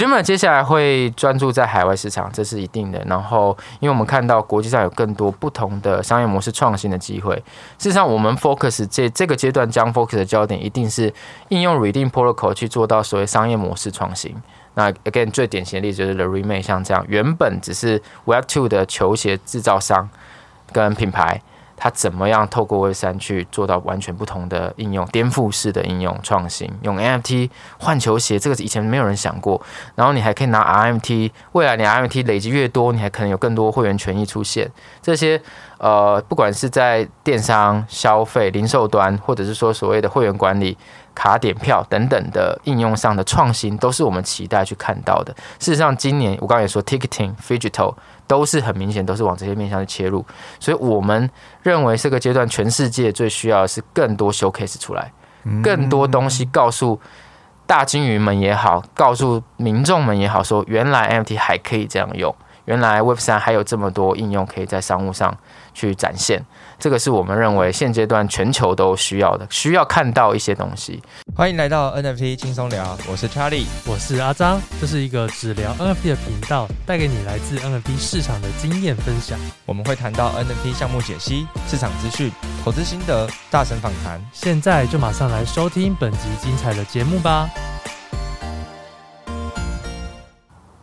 我們接下來會專注在海外市場，這是一定的。然後，因為我們看到國際上有更多不同的商業模式創新的機會，事實上，我們 focus 這這個階段將 focus 的焦點一定是應用 RE:DREAMER Protocol 去做到所謂商業模式創新。那 again 最典型的例子就是 The Remake，像這樣原本只是 Web Two 的球鞋製造商跟品牌。它怎麼樣透過 Web3 去做到完全不同的應用，顛覆式的應用創新？用 NFT 換球鞋，這個以前沒有人想過。然後你還可以拿 RMT，未來你 RMT 累積越多，你還可能有更多會員權益出現。這些呃，不管是在電商、消費、零售端，或者是說所謂的會員管理、卡點票等等的應用上的創新，都是我們期待去看到的。事實上，今年我剛才也說 Ticketing Digital。都是很明顯，都是往這些面向切入，所以我們認為這個階段全世界最需要的是更多 showcase 出來，更多東西告訴大鯨魚們也好，告訴民眾們也好，說原來 NFT 還可以這樣用，原來 Web 三還有這麼多應用可以在商務上去展現。這個是我們認為現階段全球都需要的，需要看到一些東西。歡迎來到 NFT 輕鬆聊，我是 Charlie，我是阿璋，這是一個只聊 NFT 的頻道，帶給你來自 NFT 市場的經驗分享。我們會談到 NFT 項目解析、市場資訊、投資心得、大神訪談。現在就馬上來收聽本集精彩的節目吧。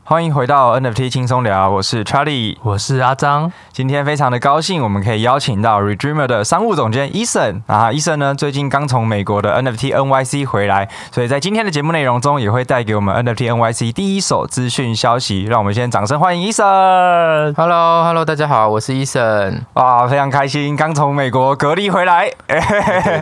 歡迎回到 NFT 輕鬆聊，我是 Charlie，我是阿張。今天非常的高興，我們可以邀請到 Redreamer 的商務總監 Eason 啊，Eason 呢最近剛從美國的 NFT NYC 回來，所以在今天的節目內容中也會帶給我們 NFT NYC 第一手資訊消息。讓我們先掌聲歡迎 Eason Hello，Hello，大家好，我是 Eason 啊，非常開心，剛從美國隔離回來， 對,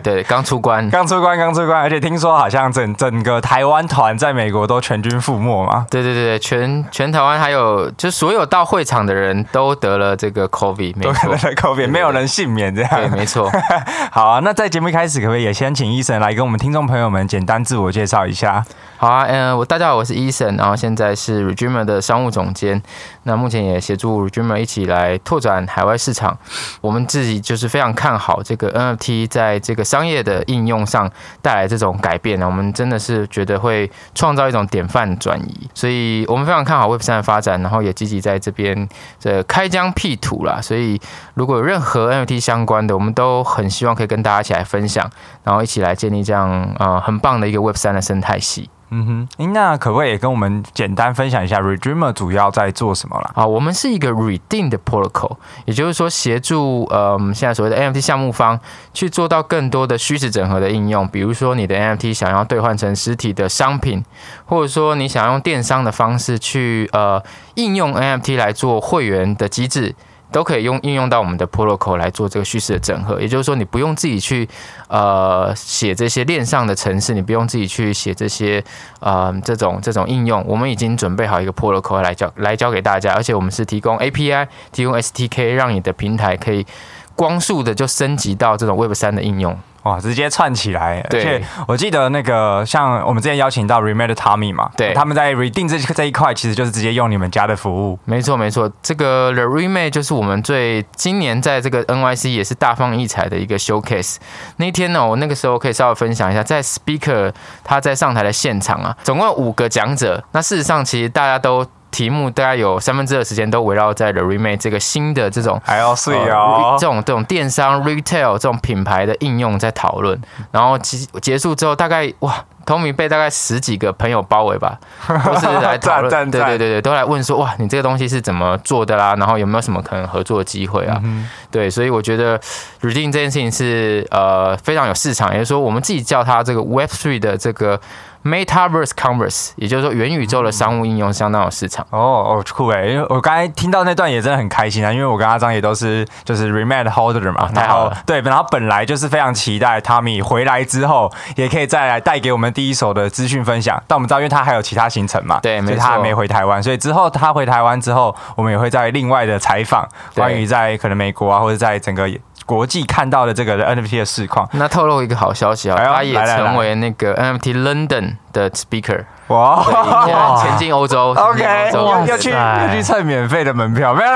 對對，剛出關，剛出關，剛出關，而且聽說好像整整個台灣團在美國都全軍覆沒嘛，對對對，全。全台灣還有，就所有到會場的人都得了這個 COVID，沒錯，都得了 COVID，對對對沒有人幸免這樣。對，對沒錯。 好啊，那在節目開始，可不可以也先請 Eason 來跟我們聽眾朋友們簡單自我介紹一下？好啊，嗯，我大家好，我是 Eason 然後現在是 RE:DREAMER 的商務總監，那目前也協助 RE:DREAMER 一起來拓展海外市場。我們自己就是非常看好這個 NFT 在這個商業的應用上帶來這種改變，我們真的是覺得會創造一種典範轉移，所以我們非常看好 Web3 的發展，然後也積極在這邊這開疆闢土啦。所以如果有任何 NFT 相關的，我們都很希望可以跟大家一起來分享，然後一起來建立這樣啊、呃、很棒的一個 Web3 的生態系。嗯哼，那可不可以也跟我們簡單分享一下 RE:DREAMER 主要在做什麼了？啊，我們是一個 Redeem 的 Protocol，也就是說協助呃，我們現在所謂的 NFT 項目方去做到更多的虛實整合的應用，比如說你的 NFT 想要兌換成實體的商品，或者說你想要用電商的方式去呃應用 NFT 來做會員的機制。都可以用應用到我們的 Protocol 來做這個敘事的整合，也就是說，你不用自己去呃寫這些鏈上的程式，你不用自己去寫這些呃這種這種應用，我們已經準備好一個 Protocol 來教來教給大家，而且我們是提供 API、提供 s t k 讓你的平台可以光速的就升級到這種 Web 三的應用。哇，直接串起來，對，而且我記得那個像我們之前邀請到 Remade Tommy 嘛，對，他們在 redeem 這這一塊，其實就是直接用你們家的服務。沒錯，沒錯，這個 The Remade 就是我們最今年在這個 NYC 也是大放異彩的一個 showcase。那一天呢，喔，我那個時候可以稍微分享一下，在 Speaker 他在上台的現場啊，總共五個講者。那事實上，其實大家都。題目大概有三分之二的時間都圍繞在了 Remake 這個新的這種，哎呦碎啊，uh, Re, 這種這種電商 Retail 這種品牌的應用在討論、嗯。然後其結束之後，大概哇，Tommy 被大概十幾個朋友包圍吧， 都是來討論，對 對對對，都來問說哇，你這個東西是怎麼做的啦、啊？然後有沒有什麼可能合作機會啊、嗯？對，所以我覺得 Remind 這件事情是呃非常有市場，也就是說我們自己叫它這個 Web Three 的這個。Metaverse Converse 也就是說元宇宙的商務應用相當有市場。哦哦，酷誒，因為我剛才聽到那段也真的很開心啊，因為我跟阿張也都是就是 RE:DREAMER Holder 嘛，哦、然後對，然後本來就是非常期待 Tommy 回來之後，也可以再來帶給我們第一手的資訊分享。但我們知道，因為他還有其他行程嘛，對，沒所以他還沒回台灣。所以之後他回台灣之後，我們也會在另外的採訪，關於在可能美國啊，或者在整個國際看到的這個 NFT 的市況。那透露一個好消息啊、喔哎，他也成為那個 NFT London。來來來，的 speaker 哇、wow.，前進歐洲、wow. 洲，OK，走，要，要去要去蹭免費的門票，沒有，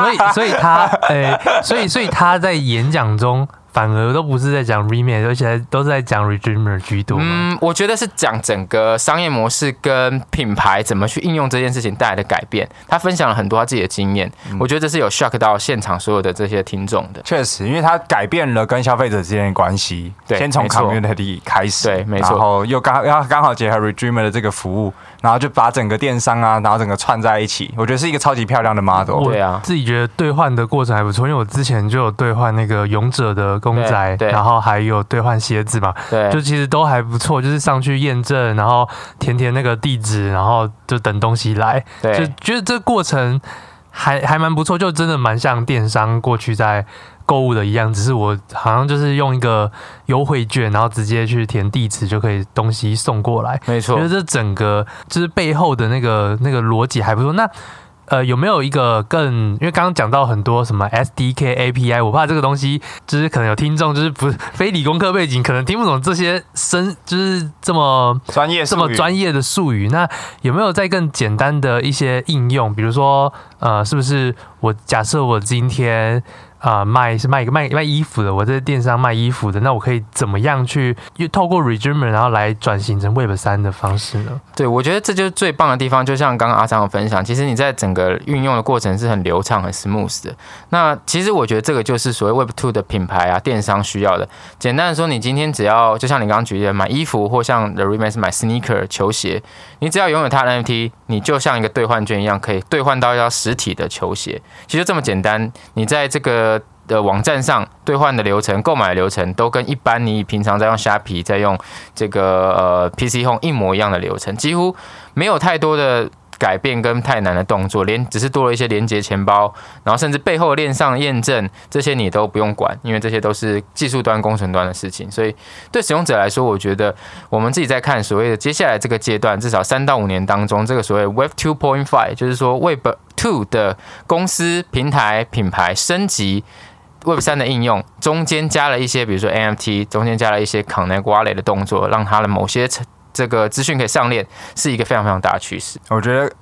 所以所以他，呃、所以所以他在演講中。反而都不是在講 remix，而且都是在講 redreamer 居多。嗯，我覺得是講整個商業模式跟品牌怎麼去應用這件事情帶來的改變。他分享了很多他自己的經驗，嗯，我覺得這是有 shock 到現場所有的這些聽眾的。確實，因為他改變了跟消費者之間的關係，先從 community 開始，對，沒錯，然後又剛要剛好結合 redreamer 的這個服務。然後就把整個電商啊，然後整個串在一起，我覺得是一個超級漂亮的 model。對啊，自己覺得兌換的過程還不錯，因為我之前就有兌換那個勇者的公仔，然後還有兌換鞋子嘛，對，就其實都還不錯，就是上去驗證，然後填填那個地址，然後就等東西來，對，就覺得這過程還還蠻不錯，就真的蠻像電商過去在，購物的一樣，只是我好像就是用一個優惠券，然後直接去填地址就可以東西送過來。沒錯，就是這整個就是背後的那個那個邏輯還不錯。那呃，有沒有一個更？因為剛剛講到很多什麼 SDK、API，我怕這個東西就是可能有聽眾就是不是非理工科背景，可能聽不懂這些深就是這麼專業這麼專業的術語。那有沒有再更簡單的一些應用？比如說呃，是不是我假設我今天。啊，賣是賣一個賣賣衣服的，我在電商賣衣服的，那我可以怎麼樣去又透過 RE:DREAMER 然後來轉型成 Web 三的方式呢？對，我覺得這就是最棒的地方。就像剛剛阿璋有分享，其實你在整個運用的過程是很流暢、很 smooth 的。那其實我覺得這個就是所謂 Web 2的品牌啊，電商需要的。簡單的說，你今天只要就像你剛剛舉例的買衣服，或像 The Remix 買 sneaker 球鞋，你只要擁有它的 NFT，你就像一個兌換券一樣，可以兌換到一條實體的球鞋。其實就這麼簡單，你在這個的網站上兌換的流程、購買的流程都跟一般你平常在用蝦皮、在用這個呃 PC Home 一模一樣的流程，幾乎沒有太多的改變跟太難的動作，連只是多了一些連接錢包，然後甚至背後鏈上驗證這些你都不用管，因為這些都是技術端、工程端的事情。所以對使用者來說，我覺得我們自己在看所謂的接下來這個階段，至少三到五年當中，這個所謂 Web 2.5，就是說 Web 2的公司、平台、品牌升級。Web 三的應用中間加了一些，比如說 NFT，中間加了一些 connect 瓜類的動作，讓它的某些這個資訊可以上鏈，是一個非常非常大的趨勢。我覺得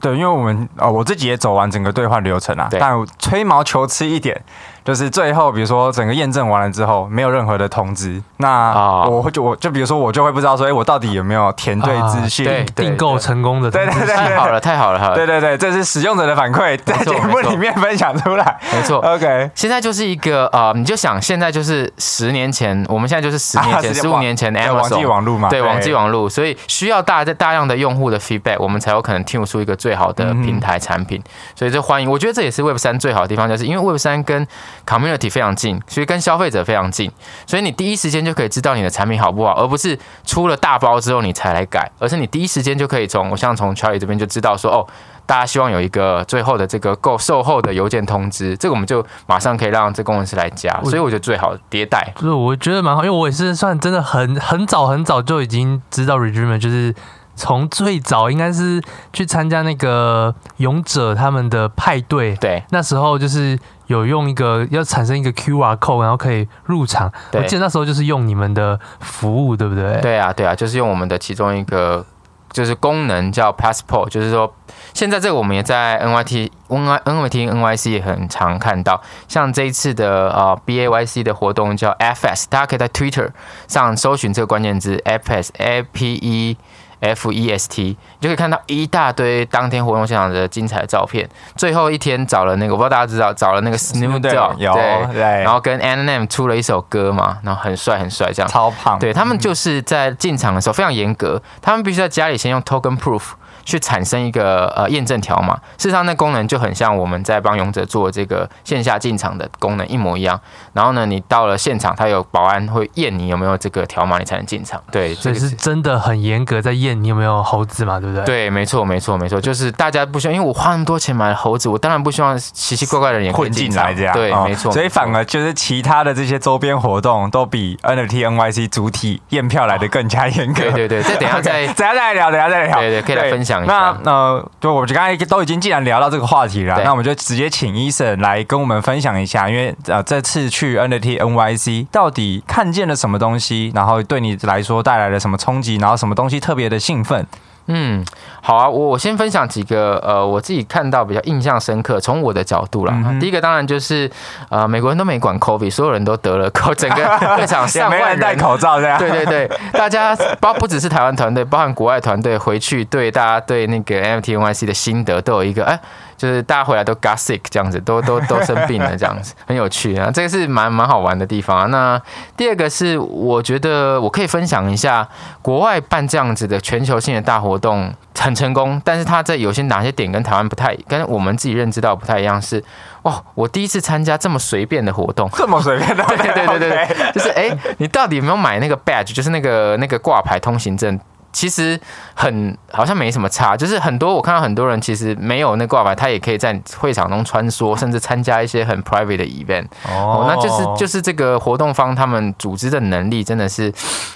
對，因為我們啊、哦，我自己也走完整個兌換流程啊，對但吹毛求疵一點，就是最後比如說整個驗證完了之後，沒有任何的通知。那啊，我會就我就比如說我就會不知道，說，哎，我到底有沒有填對資訊、啊，訂購成功的對對，對太好了太好了哈，對對對，這是使用者的反饋，在節目裡面分享出來，沒錯，OK，現在就是一個呃，你就想現在就是十年前，我們現在就是十年前十五、啊、年前的 Amazon，的，網際網路嘛，對網際網路，所以需要大在大量的用戶的 feedback，我們才有可能聽不出一個最好的平台產品、嗯，所以就歡迎，我覺得這也是 Web 三最好的地方，就是因為 Web 三跟 community 非常近，所以跟消費者非常近，所以你第一時間就。可以知道你的產品好不好，而不是出了大包之後你才來改，而是你第一時間就可以從，我像從 Charlie 這邊就知道說，哦，大家希望有一個最後的這個購售後的郵件通知，這個我們就馬上可以讓這工程師來加，所以我覺得最好迭代。不是，我覺得蠻好，因為我也是算真的很很早很早就已經知道 RE:DREAMER，就是從最早應該是去參加那個勇者他們的派對，對，那時候就是。有用一個要產生一個 Q R code，然後可以入場。我記得那時候就是用你們的服務，對不對？對啊，對啊，就是用我們的其中一個就是功能叫 Passport，就是說現在這個我們也在 NYT, N Y N Y T N Y C 也很常看到。像這一次的呃 B A Y C 的活動叫 F S，大家可以在 Twitter 上搜尋這個關鍵字 F S A P E。F E S T，你就可以看到一大堆當天活動現場的精彩的照片。最後一天找了那個，我不知道大家知道，找了那個 Snoop Dogg 對，然後跟 NM 出了一首歌嘛，然後很帥很帥這樣。超胖，對，他們就是在進場的時候非常嚴格，他們必須在家裡先用 Token Proof。去產生一個呃驗證條碼，事實上那功能就很像我們在幫勇者做這個線下進場的功能一模一樣。然後呢，你到了現場，他有保安會驗你有沒有這個條碼，你才能進場。對，所以是真的很嚴格在驗你有沒有猴子嘛，對不對？對，沒錯，沒錯，沒錯，就是大家不希望，因為我花那麼多錢買猴子，我當然不希望奇奇怪怪的人也混進來這樣。對，哦、沒錯。所以反而就是其他的這些周邊活動都比 NFT NYC 主體驗票來的更加嚴格、哦。對對對，這等下再、okay, 等下再聊，等下再聊。對,對對，可以來分享。對那呃，就我們剛才都已經既然聊到這個話題了，那我們就直接請 Eason 來跟我們分享一下，因為呃，這次去 NFT NYC 到底看見了什麼東西，然後對你來說帶來了什麼衝擊，然後什麼東西特別的興奮。嗯，好啊，我我先分享幾個，呃，我自己看到比較印象深刻，從我的角度啦、嗯。第一個當然就是，呃，美國人都沒管 COVID，所有人都得了 COVID，整個會場上沒人戴口罩這樣。對對對，大家包不只是台灣團隊，包含國外團隊回去對大家對那個 NFT NYC 的心得都有一個哎。欸就是大家回來都 got sick 這樣子，都都都生病了這樣子， 很有趣啊，這個是蠻蠻好玩的地方啊，那第二個是，我覺得我可以分享一下，國外辦這樣子的全球性的大活動很成功，但是他在有些哪些點跟台灣不太，跟我們自己認知到不太一樣，是哇、哦，我第一次參加這麼隨便的活動，這麼隨便的活動， 對對對對對，okay. 就是哎、欸，你到底有沒有買那個 badge，就是那個那個掛牌通行證？其實很好像沒什麼差，就是很多我看到很多人其實沒有那個掛牌，他也可以在會場中穿梭，甚至參加一些很 private 的 event 哦。哦，那就是就是這個活動方他們組織的能力真的是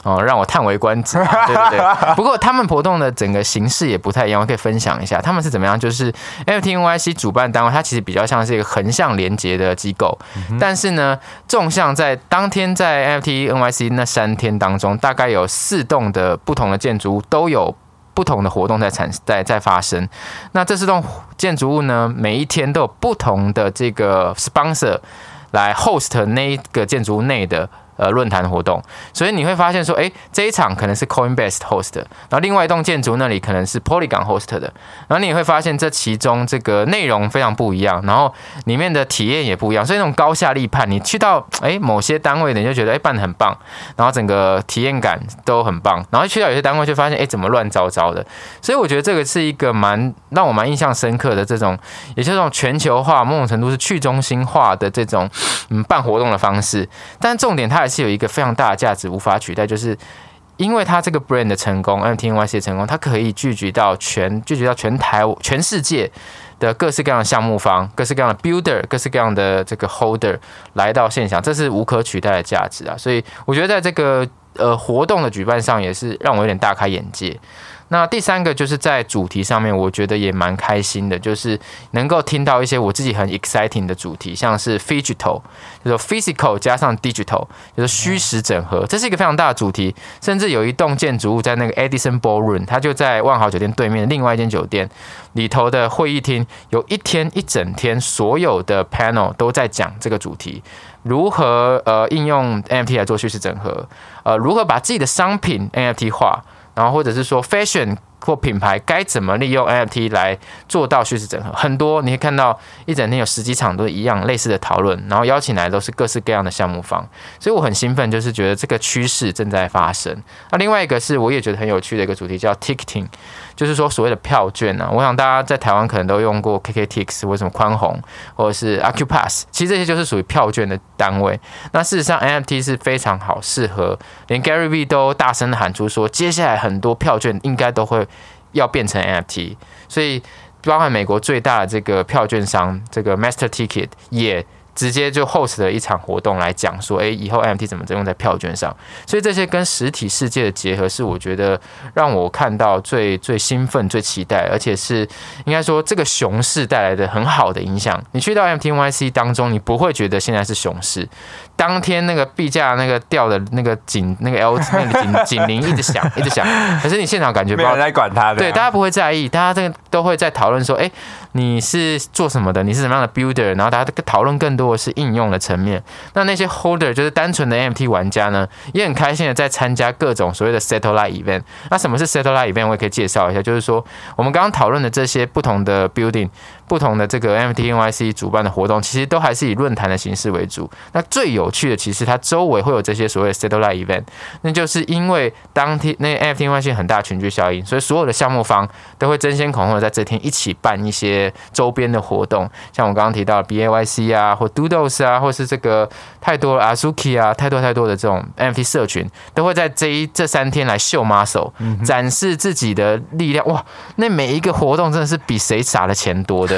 哦讓我嘆為觀止。對對對。 不過他們活動的整個形式也不太一樣，我可以分享一下，他們是怎麼樣？就是 NFT NYC 主辦單位，它其實比較像是一個橫向連接的機構、嗯，但是呢，縱向在當天在 NFT NYC 那三天當中，大概有四棟的不同的建築。都有不同的活動在產在在發生。那這四棟建築物呢，每一天都有不同的這個 sponsor 來 host 那個建築物內的。呃，論壇活動，所以你會發現說，哎、欸，這一場可能是 Coinbase host 的，然後另外一棟建築那裡可能是 Polygon host 的，然後你也會發現這其中這個內容非常不一樣，然後裡面的體驗也不一樣，所以那種高下立判。你去到哎、欸、某些單位，你就覺得哎、欸、辦得很棒，然後整個體驗感都很棒，然後去到有些單位就發現哎、欸、怎麼亂糟糟的。所以我覺得這個是一個蠻讓我蠻印象深刻的這種，也就是這種全球化某種程度是去中心化的這種嗯辦活動的方式，但重點它也是。是有一個非常大的價值無法取代，就是因為它這個 brand 的成功，NFT NYC 的成功，它可以聚集到全聚集到全台全世界的各式各樣的項目方、各式各樣的 builder、各式各樣的這個 holder 來到現場，這是無可取代的價值啊！所以我覺得在這個呃活動的舉辦上，也是讓我有點大開眼界。那第三個就是在主題上面，我覺得也蠻開心的，就是能夠聽到一些我自己很 exciting 的主題，像是 phygital 就是 physical 加上 digital，就是虛實整合，這是一個非常大的主題。甚至有一棟建築物在那個 Edison Ballroom，它就在萬豪酒店對面，另外一間酒店裡頭的會議廳，有一天一整天所有的 panel 都在講這個主題，如何呃應用 NFT 來做虛實整合，呃，如何把自己的商品 NFT 化。然後，或者是說，fashion 或品牌該怎麼利用 NFT 來做到虛實整合？很多，你可以看到一整天有十幾場都一樣類似的討論，然後邀請來都是各式各樣的項目方，所以我很興奮，就是覺得這個趨勢正在發生。啊。那另外一個是，我也覺得很有趣的一個主題叫 ticketing。就是說，所謂的票券啊，我想大家在台灣可能都用過 KKTIX 或什麼寬宏，或者是 Accupass，其實這些就是屬於票券的單位。那事實上，NFT 是非常好適合，連 Gary V 都大聲的喊出說，接下來很多票券應該都會要變成 NFT，所以包括美國最大的這個票券商這個 Master Ticket 也。直接就 host 了一場活動來講說，哎、欸，以後 NFT 怎麼再用在票券上？所以這些跟實體世界的結合是我覺得讓我看到最最興奮、最期待，而且是應該說這個熊市帶來的很好的影響。你去到 NFT NYC 當中，你不會覺得現在是熊市。當天那個幣價那個掉的那個警那個 L 那個鈴警鈴一直響一直響，可是你現場感覺不沒人來管它，對，大家不會在意，大家這個。都會在討論說，哎、欸，你是做什麼的？你是什麼樣的 builder？然後大家討論更多的是應用的層面。那那些 holder 就是單純的 NFT 玩家呢，也很開心的在參加各種所謂的 satellite event。那什麼是 satellite event？我也可以介紹一下，就是說我們剛剛討論的這些不同的 building。不同的這個 NFT NYC 主辦的活動，其實都還是以論壇的形式為主。那最有趣的，其實它周圍會有這些所謂的 satellite event，那就是因為當天那 NFT NYC 很大群聚效應，所以所有的項目方都會爭先恐後的在這天一起辦一些周邊的活動。像我剛剛提到 B A Y C 啊，或 Doodles 啊，或是這個太多 Azuki 啊，太多太多的這種 NFT 社群，都會在這一這三天來秀 muscle，展示自己的力量。哇，那每一個活動真的是比誰撒的錢多的。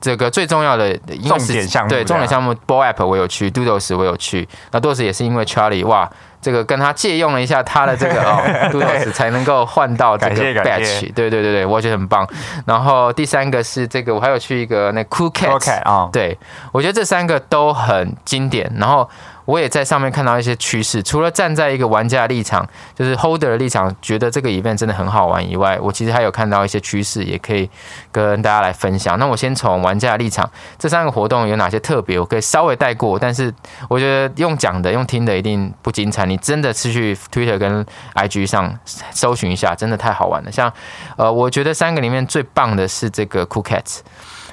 這個最重要的應該是重點項目，對重點項目 Bored Ape 我有去，Doodles 我有去，那 Doodles 也是因為 Charlie 哇，這個跟他借用了一下他的這個哦 Doodles 才能夠換到這個 Batch，感謝感謝，對對對，對，我覺得很棒。然後第三個是這個，我還有去一個那 Cool Cat 啊，對，我覺得這三個都很經典。然後。我也在上面看到一些趨勢，除了站在一個玩家的立場，就是 holder 的立場，覺得這個 event 真的很好玩以外，我其實還有看到一些趨勢，也可以跟大家來分享。那我先從玩家的立場，這三個活動有哪些特別，我可以稍微帶過，但是我覺得用講的、用聽的一定不精彩。你真的是去 Twitter 跟 IG 上搜尋一下，真的太好玩了。像呃，我覺得三個裡面最棒的是這個 Cool Cats。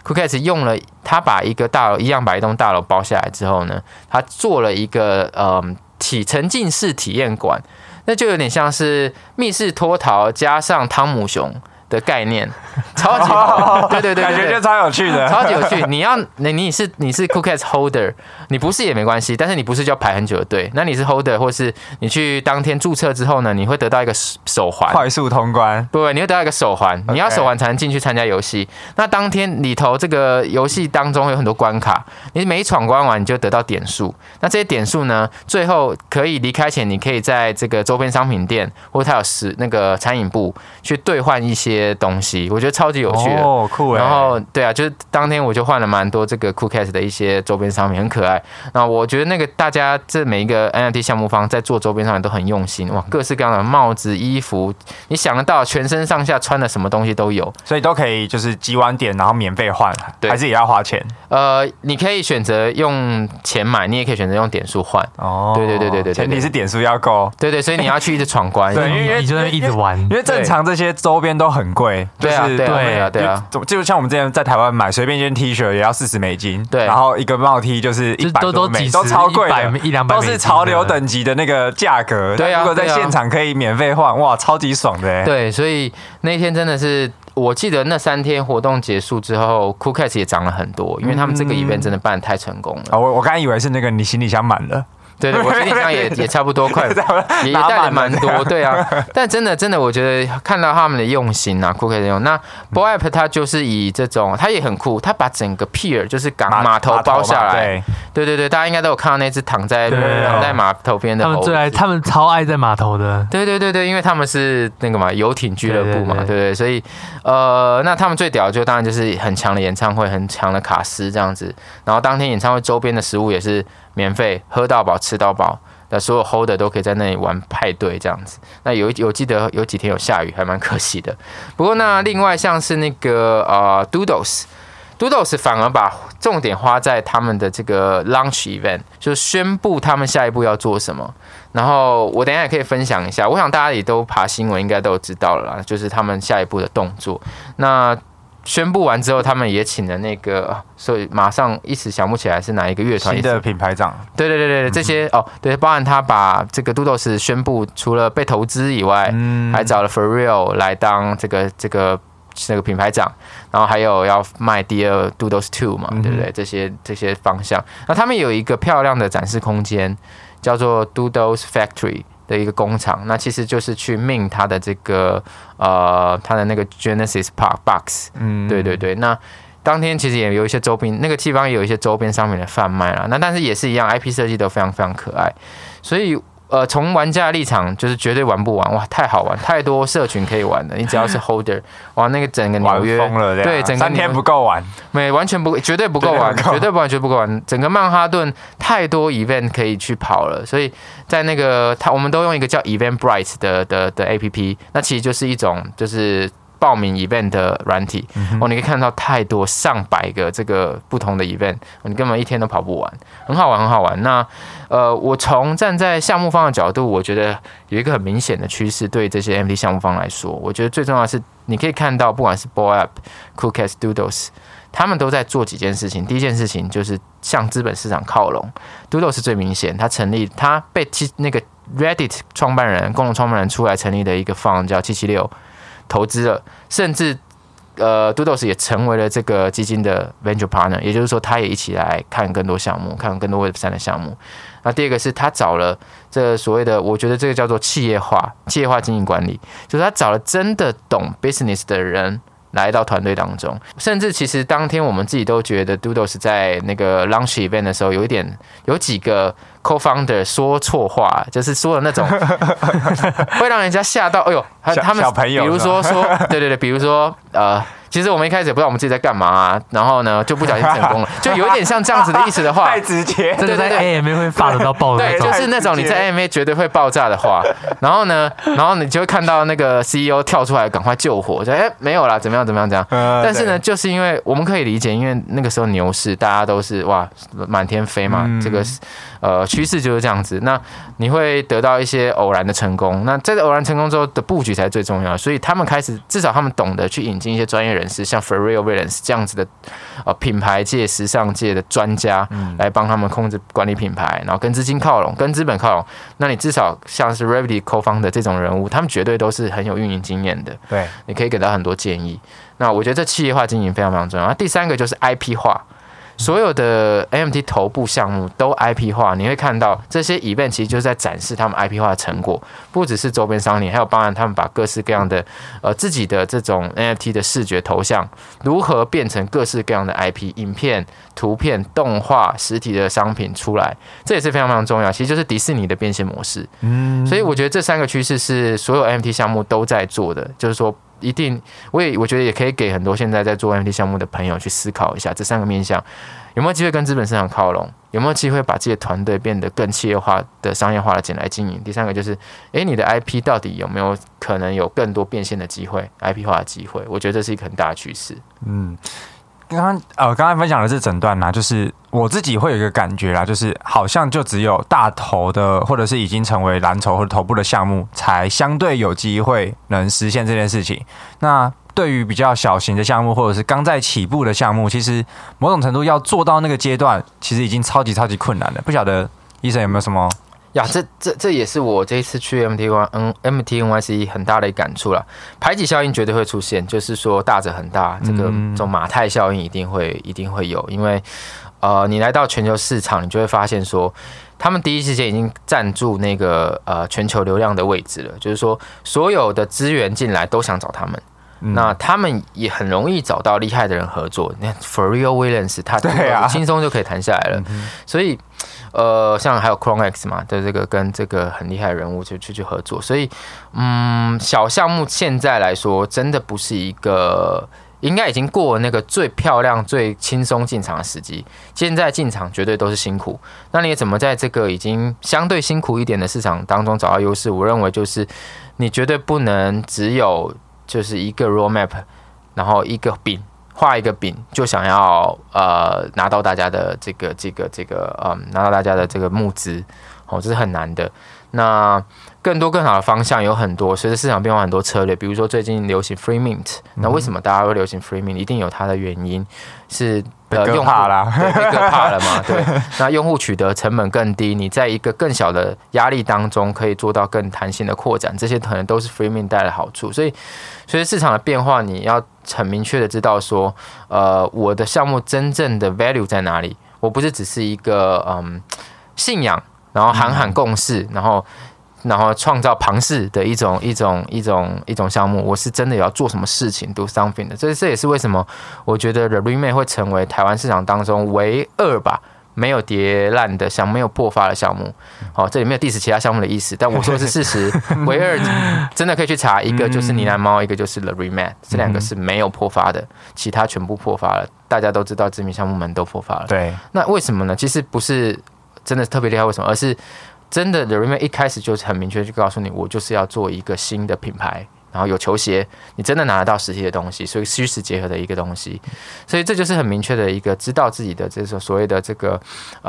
酷凱斯用了，他把一個大樓一樣把一棟大樓包下來之後呢，他做了一個嗯體、呃、沉浸式體驗館，那就有點像是密室脫逃加上湯姆熊。的概念，超級對對，對對對，感覺就超有趣的，嗯、超級有趣。你要，你你是你是 c o o k e s Holder，你不是也沒關係，但是你不是就要排很久的隊。那你是 Holder 或是你去當天註冊之後呢，你會得到一個手環，快速通關。對，你會得到一個手環，你要手環才能進去參加遊戲。Okay。那當天裡頭這個遊戲當中有很多關卡，你每闖關完你就得到點數。那這些點數呢，最後可以離開前，你可以在這個周邊商品店或者它有食那個餐飲部去兌換一些。些東西我覺得超級有趣的，哦，酷欸。然後對啊，就是當天我就換了蠻多這個 Cool Cats 的一些周邊商品，很可愛。那我覺得那個大家這每一個 NFT 項目方在做周邊上面都很用心，哇，各式各樣的帽子、衣服，你想得到全身上下穿的什麼東西都有，所以都可以就是集完點然後免費換對，還是也要花錢？呃，你可以選擇用錢買，你也可以選擇用點數換。哦，對對對對對，對，對，對，前提是點數要夠。對對，所以你要去一直闖關， 對，因為你就一直玩因，因為正常這些周邊都很。很貴，就是對啊，對啊，就就像我們之前在台灣買，隨便一件 T 恤也要四十美金，對。然後一個帽 T 就是一百多美，都，都，都超貴，一兩百都是潮流等級的那個價格。對啊，如果在現場可以免費換，啊，哇，超級爽的欸。對，所以那天真的是，我記得那三天活動結束之後，酷客也漲了很多，因為他們這個 event 真的辦太成功了。哦，我我剛才以為是那個你行李箱滿了。 對，對，我平常也也差不多快，快 也帶了蠻多，對啊。 但真的，真的，我覺得看到他們的用心吶、啊，酷可的用。那 Boy，他就是以這種，他也很酷，他把整個 pier 就是港碼頭包下來對。對對對，大家應該都有看到那隻躺在躺在碼頭邊的猴對對對。他們最愛，他們超愛在碼頭的。對對對對，因為他們是那個嘛遊艇俱樂部嘛，對不對，對，對，對，對？所以呃，那他們最屌的就是、當然就是很強的演唱會，很強的卡司這樣子。然後當天演唱會周邊的食物也是。免費喝到飽、吃到飽，的所有 hold 都可以在那裡玩派對這樣子。那有有記得有幾天有下雨，還蠻可惜的。不過那另外像是那個呃 Doodles，Doodles Doodles 反而把重點花在他們的這個 launch event，就宣布他們下一步要做什麼。然後我等一下也可以分享一下，我想大家也都爬新聞應該都知道了啦，就是他們下一步的動作。那宣布完之後，他們也請了那個、啊，所以馬上一時想不起來是哪一個樂團。新的品牌長，對對對對對，這些、嗯、哦，對，包含他把這個 Doodles 宣布除了被投資以外、嗯，還找了 For Real 來當這個這個那個品牌長，然後還有要賣第二 Doodles Two 嘛，嗯、對不對,對？這些這些方向，那他們有一個漂亮的展示空間，叫做 Doodles Factory。的一個工廠，那其實就是去命他的這個呃，他的那個 Genesis Park Box，嗯，對對對，那當天其實也有一些周邊，那個地方也有一些周邊商品的販賣了，那但是也是一樣，IP 設計都非常非常可愛，所以。呃，從玩家的立場就是絕對玩不完，哇，太好玩，太多社群可以玩了。 你只要是 holder，哇，那個整個紐約了，對，整個三天不夠玩，沒完全不絕對不夠玩，絕對不夠絕對不夠玩。整個曼哈頓 太多 event 可以去跑了，所以在那個他，我們都用一個叫 Eventbrite 的的的 APP，那其實就是一種就是。報名 event 的軟體，嗯、哦，你可以看到太多上百個這個不同的 event，哦、你根本一天都跑不完，很好玩，很好玩。那呃，我從站在項目方的角度，我覺得有一個很明顯的趨勢，對這些 NFT 項目方來說，我覺得最重要的是你可以看到，不管是 Bored Ape、CoolCats、Doodles，他們都在做幾件事情。第一件事情就是向資本市場靠攏，Doodles 是最明顯，他成立，他被七那個 Reddit 創辦人共同創辦人出來成立的一個方叫七七六。投資了，甚至呃，Doodles 也成為了這個基金的 venture partner，也就是說，他也一起來看更多項目，看更多 Web 三的項目。那第二個是他找了這所謂的，我覺得這個叫做企業化、企業化經營管理，就是他找了真的懂 business 的人來到團隊當中。甚至其實當天我們自己都覺得，Doodles 在那個 launch event 的時候有一點，有幾個。說錯話，就是說的那種，會讓人家嚇到。哎呦，還有他們小朋友，比如說說，對對對，比如說呃，其實我們一開始也不知道我們自己在幹嘛，啊，然後呢就不小心成功了，就有一點像這樣子的意思的話，啊啊啊，太直接，對對對，A M A 會發的到爆炸，對，對，對，對就是那種你在 A M A 絕對會爆炸的話，然後呢，然後你就會看到那個 C E O 跳出來趕快救火，說哎、欸、沒有啦，怎麼樣怎麼樣怎樣，但是呢、嗯，就是因為我們可以理解，因為那個時候牛市，大家都是哇滿天飛嘛，嗯、這個呃。趨勢就是這樣子，那你會得到一些偶然的成功，那這個偶然成功之後的布局才最重要，所以他們開始，至少他們懂得去引進一些專業人士，像 Pharrell Williams 這樣子的，呃，品牌界、時尚界的專家，嗯，來幫他們控制、管理品牌，然後跟資金靠攏、跟資本靠攏。那你至少像是 Revity Cofounder 這種人物，他們絕對都是很有運營經驗的。對，你可以給他很多建議。那我覺得這企業化經營非常非常重要。第三個就是 IP 化。所有的 NFT 頭部項目都 IP 化，你會看到這些 Event 其實就是在展示他們 IP 化的成果，不只是周邊商品，還有包含他們把各式各樣的呃自己的這種 NFT 的視覺頭像如何變成各式各樣的 IP 影片、圖片、動畫、實體的商品出來，這也是非常非常重要。其實就是迪士尼的變現模式。嗯，所以我覺得這三個趨勢是所有 NFT 項目都在做的，就是說。一定，我也我覺得也可以給很多現在在做 NFT 項目的朋友去思考一下，這三個面向有沒有機會跟資本市場靠攏，有沒有機會把自己的團隊變得更企業化的、商業化的進來經營。第三個就是，誒、欸，你的 I P 到底有沒有可能有更多變現的機會、I P 化的機會？我覺得這是一個很大的趨勢。嗯。剛剛呃，剛剛分享的這整段啦，就是我自己會有一個感覺啦，就是好像就只有大頭的，或者是已經成為藍籌或者頭部的項目，才相對有機會能實現這件事情。那對於比較小型的項目，或者是剛在起步的項目，其實某種程度要做到那個階段，其實已經超級超級困難了。不曉得 Eason 有沒有什麼？呀，這這這也是我這一次去 MTY，嗯，NFT NYC 很大的感觸了。排擠效應絕對會出現，就是說大者恆大，這個這種馬太效應一定會一定會有。因為，呃，你來到全球市場，你就會發現說，他們第一時間已經站住那個呃全球流量的位置了。就是說，所有的資源進來都想找他們。嗯、那他們也很容易找到厲害的人合作。那 Freelance 他輕鬆就可以談下來了、啊嗯。所以，呃，像還有 CloneX 嘛的這個跟這個很厲害的人物去去去合作。所以，嗯，小項目現在來說真的不是一個，應該已經過了那個最漂亮、最輕鬆進場的時機。現在進場絕對都是辛苦。那你怎麼在這個已經相對辛苦一點的市場當中找到優勢？我認為就是你絕對不能只有。就是一個 roadmap，然後一個餅，畫一個餅，就想要呃拿到大家的這個這個這個，嗯，拿到大家的這個募資，哦，這是很難的。那更多更好的方向有很多，隨着市場變化很多策略，比如說最近流行 free mint，嗯、那為什麼大家都流行 free mint？一定有它的原因，是呃用不怕了，太可怕了嘛？對，那用戶取得成本更低，你在一個更小的壓力當中可以做到更彈性的擴展，這些可能都是 free mint 帶來的好處。所以，隨着市場的變化，你要很明確的知道說，呃，我的項目真正的 value 在哪裡？我不是只是一個嗯信仰，然後喊喊共識、嗯，然後。然後創造龐氏的一種一種一種一種項目，我是真的要做什麼事情 do something 的。這這也是為什麼我覺得 the remake 會成為台灣市場當中唯二吧沒有跌爛的項，沒有破發的項目。哦，這裡沒有 diss 其他項目的意思，但我說的是事實， 唯二真的可以去查，一個就是你藍貓，一個就是 the remake，這兩個是沒有破發的，其他全部破發了。大家都知道知名項目們都破發了。對，那為什麼呢？其實不是真的特別厲害，為什麼？而是。真的，The m n 一開始就是很明確，就告訴你，我就是要做一個新的品牌，然後有球鞋，你真的拿得到實體的東西，所以虛實結合的一個東西，所以這就是很明確的一個知道自己的，就是所謂的這個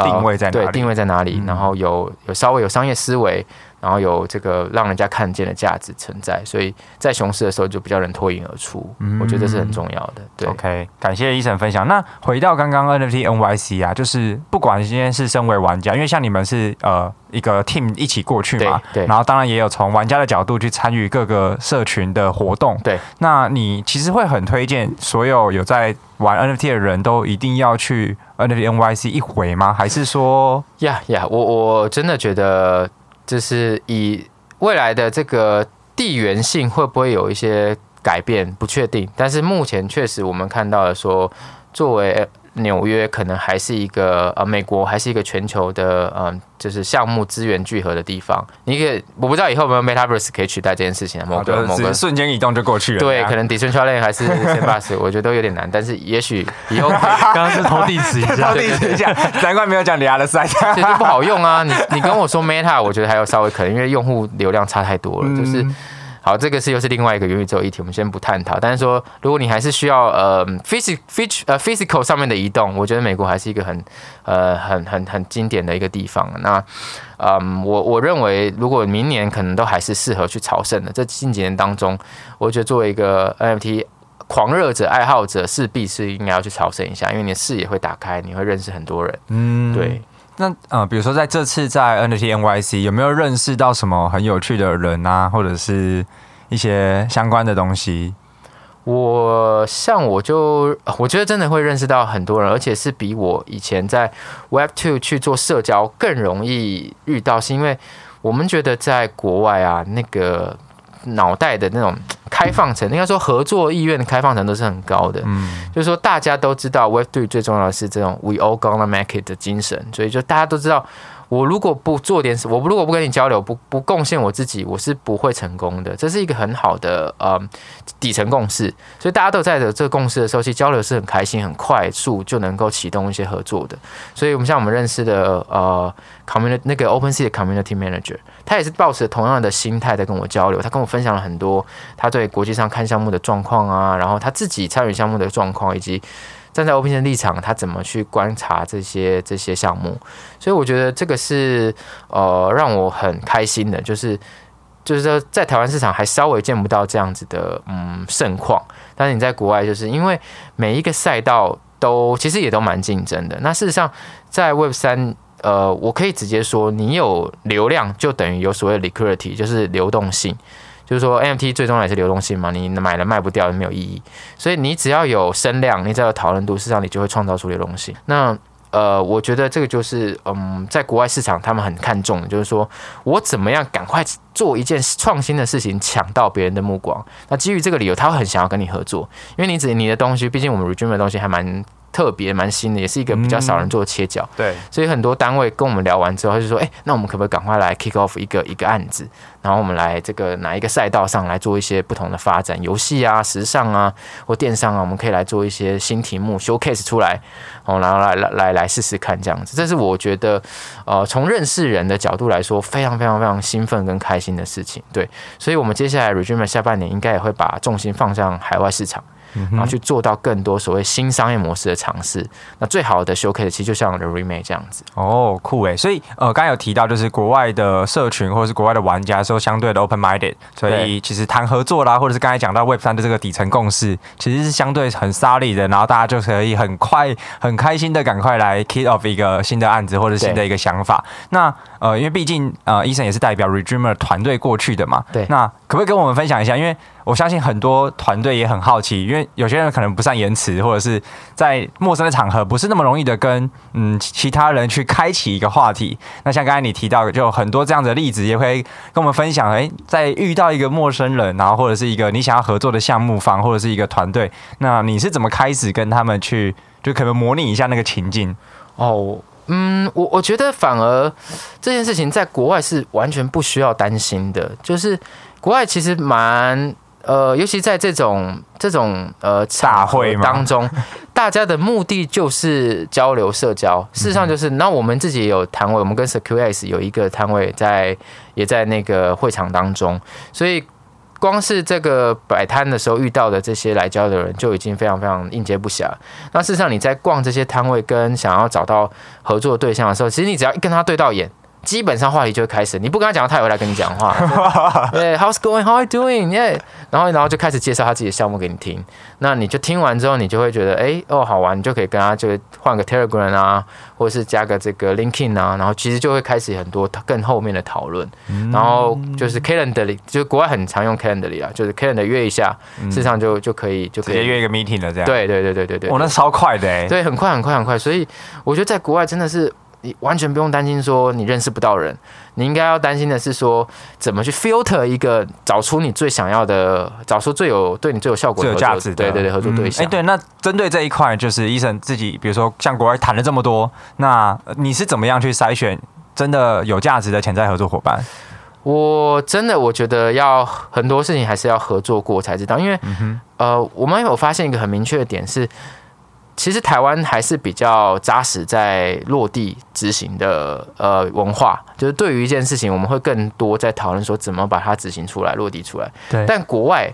定位在哪裡？對，定位在哪裡，然後有有稍微有商業思維。然後有這個讓人家看見的價值存在，所以在熊市的時候就比較能脫穎而出。嗯，我覺得這是很重要的。對，OK，感謝 Eason 分享。那回到剛剛 NFT NYC 啊，就是不管今天是身為玩家，因為像你們是呃一個 team 一起過去嘛對，對，然後當然也有從玩家的角度去參與各個社群的活動，對。那你其實會很推薦所有有在玩 NFT 的人都一定要去 NFT NYC 一回嗎？還是說，Yeah, yeah, 我我真的覺得。就是以未來的這個地緣性會不會有一些改變，不確定。但是目前確實我們看到的說，作為。紐約可能還是一個呃、啊，美國還是一個全球的，嗯，就是項目資源聚合的地方。你可以我不知道以後有沒有 metaverse 可以取代這件事情、啊，某個某個瞬間移動就過去了。對，啊、可能 Decentraland 還是 Sandbox 我覺得都有點難。 但是也許以後剛剛是偷地址一下， 地一下，對對對 難怪沒有講 Otherside，其 是不好用啊。你你跟我說 Meta 我覺得還有稍微可能，因為用戶流量差太多了，嗯、就是。好，這個是又是另外一個元宇宙議題，我們先不探討。但是說，如果你還是需要呃，physic，呃 -physi，physical 上面的移動，我覺得美國還是一個很呃很很很經典的一個地方。那，嗯、呃，我我認為如果明年可能都還是適合去朝聖的。這近幾年當中，我覺得作為一個 NFT 狂熱者、愛好者，勢必是應該要去朝聖一下，因為你的視野會打開，你會認識很多人。嗯，對。那呃，比如說在這次在 NFT NYC 有沒有認識到什麼很有趣的人啊，或者是一些相關的東西？我像我就我覺得真的會認識到很多人，而且是比我以前在 Web2 去做社交更容易遇到，是因為我們覺得在國外啊那個。腦袋的那種開放層，應該說合作意願的開放程度是很高的。嗯，就是說大家都知道，Web3 最重要的是這種 “we all gonna make it” 的精神。所以就大家都知道，我如果不做點什，我如果不跟你交流，不不貢獻我自己，我是不會成功的。這是一個很好的呃底層共識。所以大家都在的這個共識的時候，去交流是很開心、很快速就能夠啟動一些合作的。所以，我們像我們認識的呃 community 那個 OpenSea Community Manager。他也是抱持同樣的心態在跟我交流，他跟我分享了很多他對國際上看項目的狀況啊，然後他自己參與項目的狀況，以及站在 O P C 的立場他怎麼去觀察這些這些項目。所以我覺得這個是呃讓我很開心的，就是就是說在台灣市場還稍微見不到這樣子的嗯盛況，但是你在國外就是因為每一個賽道都其實也都蠻競爭的。那事實上在 Web 三。呃，我可以直接說，你有流量就等於有所謂的 liquidity，就是流動性，就是說 NFT 最終還是流動性嘛。你買了賣不掉，也沒有意義。所以你只要有聲量，你只要有討論度，事實上你就會創造出流動性。那呃，我覺得這個就是嗯，在國外市場他們很看重的，就是說我怎麼樣趕快做一件創新的事情，搶到別人的目光。那基於這個理由，他會很想要跟你合作，因為你只你的東西，畢竟我們 RE:DREAMER 的東西還蠻。特別蠻新的，也是一個比較少人做的切角，嗯，對，所以很多單位跟我們聊完之後，他就說，哎、欸，那我們可不可以趕快來 kick off 一個一個案子，然後我們來這個哪一個賽道上來做一些不同的發展，遊戲啊、時尚啊或電商啊，我們可以來做一些新題目 showcase 出來，哦，然後來來來來試試看這樣子，這是我覺得，呃，從認識人的角度來說，非常非常非常興奮跟開心的事情，對，所以我們接下來 RE:DREAMER 下半年應該也會把重心放向海外市場。然後去做到更多所謂新商業模式的嘗試，那最好的 showcase 其實就像 remake 這樣子。哦，酷誒，所以呃，剛才有提到就是國外的社群或是國外的玩家，說相對的 open minded，所以其實談合作啦，或者是剛才講到 web 三的這個底層共識，其實是相對很 solid 的，然後大家就可以很快、很開心的趕快來 kick off 一個新的案子或者是新的一個想法。那呃，因為畢竟呃，Eason 也是代表 RE:DREAMER 團隊過去的嘛，對，那。可不可以跟我們分享一下？因為我相信很多團隊也很好奇，因為有些人可能不善言辭，或者是在陌生的場合不是那麼容易的跟嗯其他人去開啟一個話題。那像剛才你提到的，就很多這樣的例子，也會跟我們分享。誒、欸，在遇到一個陌生人，然後或者是一個你想要合作的項目方，或者是一個團隊，那你是怎麼開始跟他們去？就可能模擬一下那個情境。哦，嗯，我我覺得反而這件事情在國外是完全不需要擔心的，就是。國外其實蠻呃，尤其在這種這種呃茶會當中，大， 大家的目的就是交流社交。事實上，就是、嗯、那我們自己有攤位，我們跟 SecureS 有一個攤位在，也在那個會場當中。所以，光是這個擺攤的時候遇到的這些來交流的人，就已經非常非常應接不暇。那事實上，你在逛這些攤位跟想要找到合作的對象的時候，其實你只要跟他對到眼，基本上話題就會開始，你不跟他講，他也會來跟你講話。對、yeah，How's going? How are you doing? yeah 然後然後就開始介紹他自己的項目給你聽。那你就聽完之後，你就會覺得，誒、欸、哦，好玩，你就可以跟他就換個 Telegram 啊，或者是加個這個 LinkedIn 啊。然後其實就會開始很多更後面的討論、嗯。然後就是 Calendly，就是國外很常用 Calendly 啊，就是 Calendly 約一下，事實上就就可以就可以約一個 meeting 了這樣。對對對對對對，對，對，對，對，對、哦，那超快的、欸，誒，對，很快很快很快。所以我覺得在國外真的是。你完全不用擔心說你認識不到人，你應該要擔心的是說怎麼去 filter 一個找出你最想要的，找出最有對你最有效果的、最有價值的對對對合作對象。哎、嗯、欸、對，那針對這一塊，就是 Eason 自己，比如說像國外談了這麼多，那你是怎麼樣去篩選真的有價值的潛在的合作夥伴？我真的我覺得要很多事情還是要合作過才知道，因為、嗯、呃，我們有發現一個很明確的點是。其實台灣還是比較扎實在落地執行的，呃，文化就是對於一件事情，我們會更多在討論說怎麼把它執行出來、落地出來。對。但國外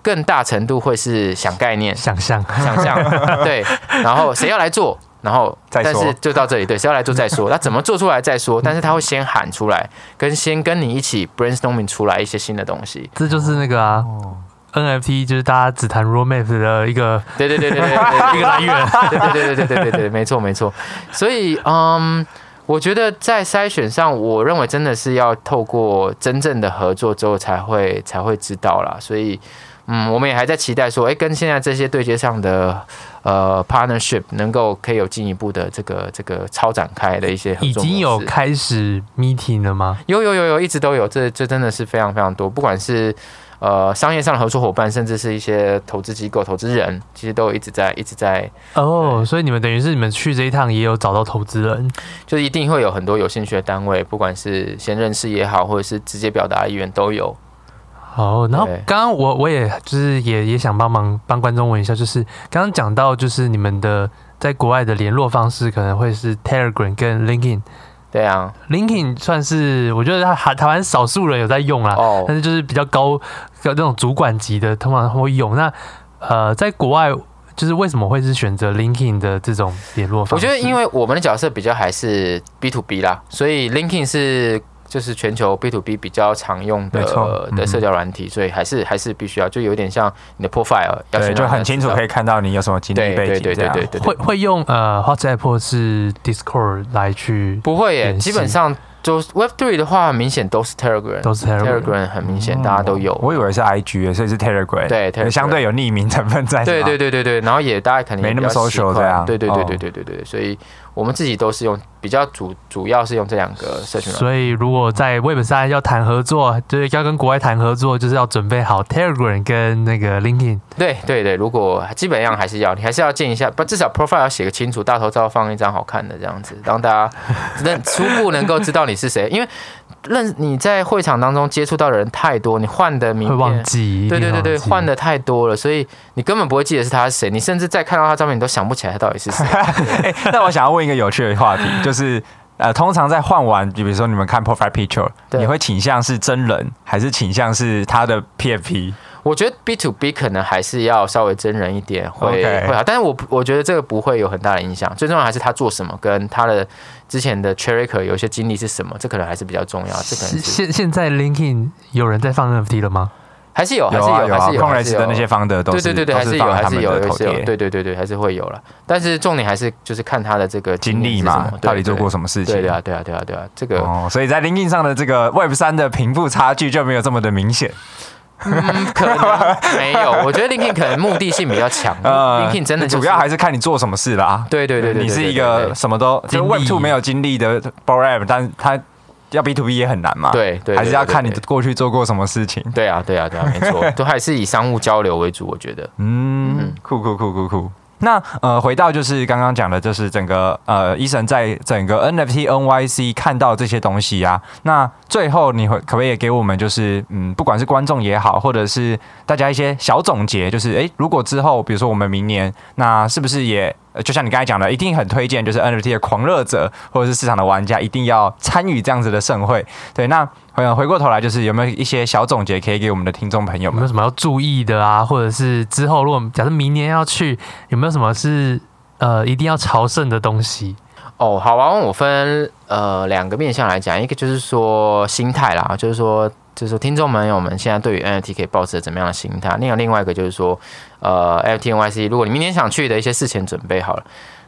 更大程度會是想概念、想象、想象， 對。然後誰要來做，然後再說。但是就到這裡，對，誰要來做再說，他怎麼做出來再說， 但是他會先喊出來，跟先跟你一起 brainstorming 出來一些新的東西，這就是那個啊。哦 NFT 就是大家只談 roadmap 的一個，對對對對一個來源，對對對對對對沒錯沒錯。所以，嗯，我覺得在篩選上，我認為真的是要透過真正的合作之後，才會才會知道啦。所以，嗯，我們也還在期待說，哎，跟現在這些對接上的呃 partnership 能夠可以有進一步的這個這個超展開的一些，合作。已經有開始 meeting 了嗎？有有有有，一直都有，這這真的是非常非常多，不管是。呃，商業上的合作伙伴，甚至是一些投資機構、投資人，其實都有一直在一直在哦、oh,。所以你們等於是你們去這一趟也有找到投資人，就是一定會有很多有興趣的單位，不管是先認識也好，或者是直接表達意願都有。好、oh,，然後剛剛我我也就是也也想幫忙幫觀眾問一下，就是剛剛講到就是你們的在國外的聯絡方式可能會是 Telegram 跟 LinkedIn 對啊 LinkedIn 算是我覺得他台台灣少數人有在用啦，oh, 但是就是比較高。有那種主管級的，通常會有那呃，在國外就是為什麼會是選擇 LinkedIn 的這種聯絡方式？我覺得因為我們的角色比較還是 B to B 啦，所以 LinkedIn 是就是全球 B to B 比較常用的、嗯、的社交軟體，所以還是還是必須要，就有點像你的 profile 要選，就很清楚可以看到你有什麼經歷背景。對對對對,對,對,對,對,對,對,對會會用呃 WhatsApp 或是 Discord 來去不會耶，基本上。說 Web three 的話，明顯都是 Telegram 都是 Telegram 很明顯、嗯、大家都有。我以為是 IG，所以是 Telegram 對，相對有匿名成分在。對對對對對，然後也大家肯定沒那麼 social，對對，對對對對對對對，哦、所以。我們自己都是用比較主，主要是用這兩個社群。所以，如果在 Web3 要談合作，就是要跟國外談合作，就是要準備好 Telegram 跟那個、LinkedIn。對對對，如果基本上還是要，你還是要建一下，不，至少 Profile 要寫個清楚，大頭照放一張好看的這樣子，讓大家能初步能夠知道你是誰， 因為。認你在會場當中接觸到的人太多，你換的名片，對對對對，換的太多了，所以你根本不會記得是他是誰。你甚至再看到他照片，你都想不起來他到底是誰、 啊欸。那我想要問一個有趣的話題， 就是呃，通常在換完，比如說你們看 profile picture，你會傾向是真人，還是傾向是他的 PFP？我覺得 B to B 可能還是要稍微真人一點會、okay. 會好，但是我我覺得這個不會有很大的影響。最重要還是他做什麼，跟他的之前的 Career h 有些經歷是什麼，這可能還是比較重要。這可能現現在 LinkedIn 有人在放 NFT 了嗎？還是有？有啊有啊有啊。剛開始的那些 founder 都是對對對對都是放他們的頭貼對對對，還是會有了。但是重點還是就是看他的這個經歷嘛對對對，到底做過什麼事情。對,對啊對啊對啊對啊，這個哦，所以在 LinkedIn 上的這個 Web 三的貧富差距就沒有這麼的明顯。嗯，可能沒有，我覺得 LinkedIn 可能目的性比較強。LinkedIn、嗯、 真的、就是，主要還是看你做什麼事啦。對對對對，對，你是一個什麼都 Web2 沒有經歷的 B2B，但是它要 B2B 也很難嘛。對對，對，還是要看你過去做過什麼事情。對，對，對，對，對，對，對啊對啊對啊沒錯，沒錯，都還是以商務交流為主，我覺得嗯。嗯，酷酷酷酷酷。那呃、，回到就是剛剛講的，就是整個呃，Eason 在整個 NFT NYC 看到這些東西呀、啊。那最後，你會可不可以給我們就是嗯，不管是觀眾也好，或者是大家一些小總結，就是哎、欸，如果之後比如說我們明年，那是不是也？就像你剛才講的，一定很推薦，就是 NFT 的狂熱者或者是市場的玩家，一定要參與這樣子的盛會。對，那回回過頭來，就是有沒有一些小總結可以給我們的聽眾朋友們？有沒有什麼要注意的啊？或者是之後如果假設明年要去，有沒有什麼是呃一定要朝聖的東西？哦，好啊，我分呃兩個面向來講，一個就是說心態啦，就是說。就是說聽眾朋友們，現在對於 NFT 可以抱持怎麼樣的心態？另外另外一個就是說，呃，NFT NYC，如果你明天想去的一些事前準備好了，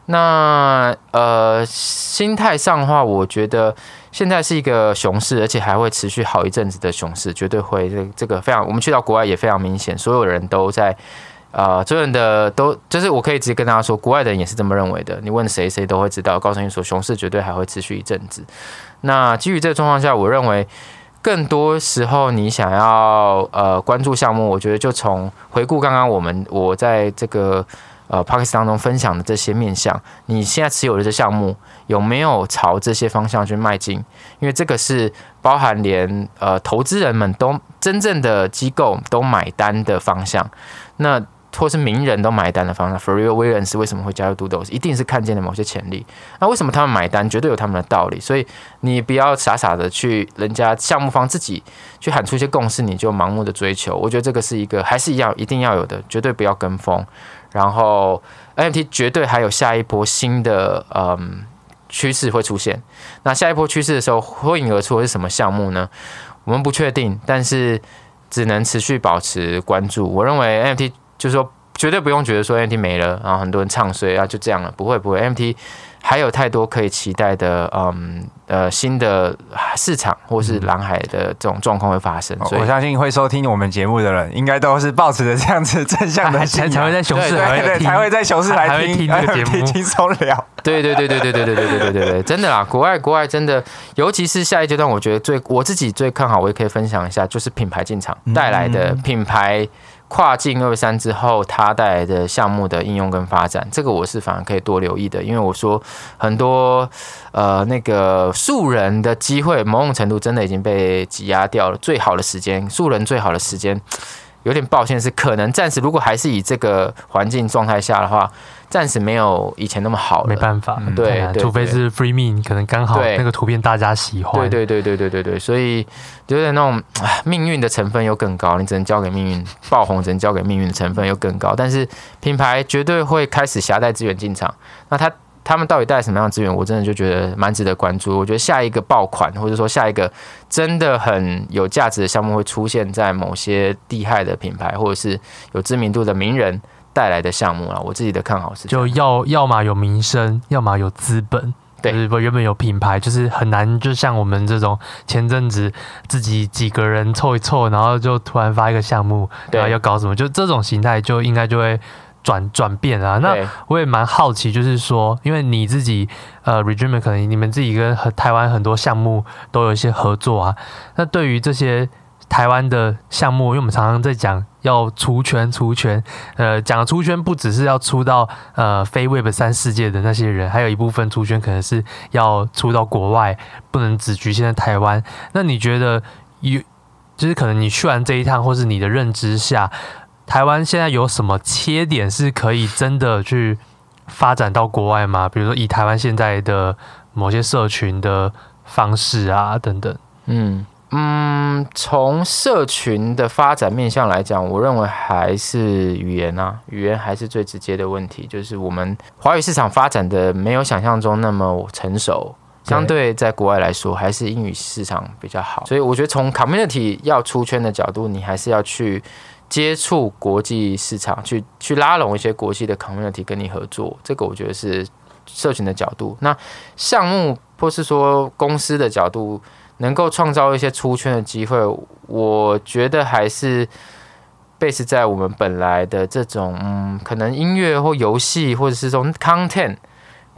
那呃，心態上的話，我覺得現在是一個熊市，而且還會持續好一陣子的熊市，絕對會這個非常，我們去到國外也非常明顯，所有人都在啊、呃，所有人的都就是我可以直接跟大家說，國外的人也是這麼認為的。你問誰，誰都會知道。告訴你說熊市絕對還會持續一陣子。那基於這個狀況下，我認為。更多時候，你想要呃關注項目，我覺得就從回顧剛剛我們我在這個呃 podcast 當中分享的這些面向，你現在持有的這項目有沒有朝這些方向去邁進？因為這個是包含連呃投資人們都真正的機構都買單的方向，那。或是名人都買單的方式，Pharrell Williams 為什麼會加入 Doodles？一定是看見了某些潛力。那為什麼他們買單，絕對有他們的道理。所以你不要傻傻的去人家項目方自己去喊出一些共識，你就盲目的追求。我覺得這個是一個，還是一樣，一定要有的，絕對不要跟風。然後，NFT 絕對還有下一波新的嗯趨勢會出現。那下一波趨勢的時候，脫穎而出的是什麼項目呢？我們不確定，但是只能持續保持關注。我認為 NFT。就是說，絕對不用覺得說 M T 沒了，然、啊、後很多人唱衰啊，就這樣了，不會不會，M T 還有太多可以期待的，嗯呃新的市場或是藍海的這種狀況會發生、嗯，所以。我相信會收聽我們節目的人，應該都是抱持著這樣子正向的還還才才會在熊市來聽，才會在熊市來聽的節目。對對對對對對對對對對對對，對， 真的啊，國外國外真的，尤其是下一階段，我覺得最我自己最看好，我也可以分享一下，就是品牌進場帶來的品牌、嗯。品牌跨境二三之後，他帶來的項目的應用跟發展，這個我是反而可以多留意的，因為我說很多呃那個素人的機會，某種程度真的已經被擠壓掉了。最好的時間，素人最好的時間。有點抱歉是，是可能暫時，如果還是以這個環境狀態下的話，暫時沒有以前那麼好了。沒辦法，嗯、對，除非是 free mint，可能剛好那個圖片大家喜歡。對對對對對對對，所以有點那種命運的成分又更高，你只能交給命運爆紅，只能交給命運的成分又更高。但是品牌絕對會開始攜帶資源進場，那它。他們到底帶什麼樣的資源？我真的就覺得蠻值得關注。我覺得下一個爆款，或者說下一個真的很有價值的項目，會出現在某些厲害的品牌，或者是有知名度的名人帶來的項目啊。我自己的看好是，就要要麼有名聲，要麼有資本，對，不、就是，原本有品牌，就是很難。就像我們這種前陣子自己幾個人湊一湊，然後就突然發一個項目，對，要搞什麼，就這種形態，就應該就會。轉轉變啊，那我也蠻好奇，就是說，因為你自己呃，RE:DREAMER 可能你們自己跟台灣很多項目都有一些合作啊。那對於這些台灣的項目，因為我們常常在講要出圈、出圈，呃，講出圈不只是要出到呃非 Web 三世界的那些人，還有一部分出圈可能是要出到國外，不能只侷限在台灣。那你覺得有，就是可能你去完這一趟，或是你的認知下？台灣現在有什麼切點是可以真的去發展到國外嗎？比如說以台灣現在的某些社群的方式啊，等等。嗯嗯，從社群的發展面向來講，我認為還是語言啊，語言還是最直接的問題。就是我們華語市場發展的沒有想象中那麼成熟，相對在國外來說，還是英語市場比較好。所以我覺得從 community 要出圈的角度，你還是要去。接觸國際市場，去去拉攏一些國際的 community 跟你合作，這個我覺得是社群的角度。那項目或是說公司的角度，能夠創造一些出圈的機會，我覺得還是 base 在我們本來的這種，嗯，可能音樂或遊戲，或者是從 content。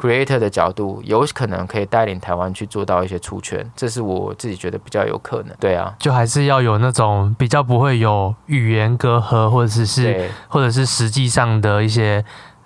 Creator 的角度，有可能可以帶領台灣去做到一些出圈，這是我自己覺得比較有可能。對啊，就還是要有那種比較不會有語言隔閡，或者是，是或者是實際上的一些。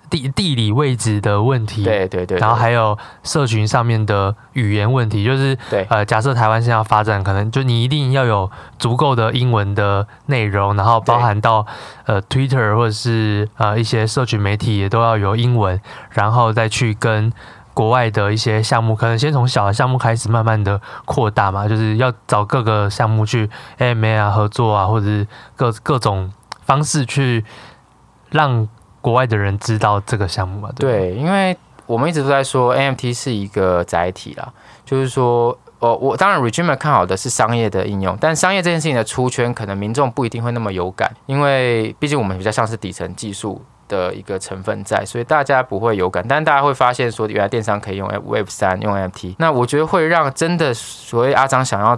地地理位置的問題，對對，對對對，然後還有社群上面的語言問題，就是，呃，假設台灣現在發展，可能就你一定要有足夠的英文的內容，然後包含到呃 Twitter 或者是呃一些社群媒體也都要有英文，然後再去跟國外的一些項目，可能先從小的項目開始，慢慢的擴大嘛，就是要找各個項目去 AMA 啊、合作啊，或者是各各種方式去讓。國外的人知道這個項目嗎？對，因為我們一直都在說，NFT 是一個載體啦，就是說，哦，我當然 RE:DREAMER 看好的是商業的應用，但商業這件事情的出圈，可能民眾不一定會那麼有感，因為畢竟我們比較像是底層技術的一個成分在，所以大家不會有感。但大家會發現說，原來電商可以用 Web3，用 NFT，那我覺得會讓真的所謂阿璋想要。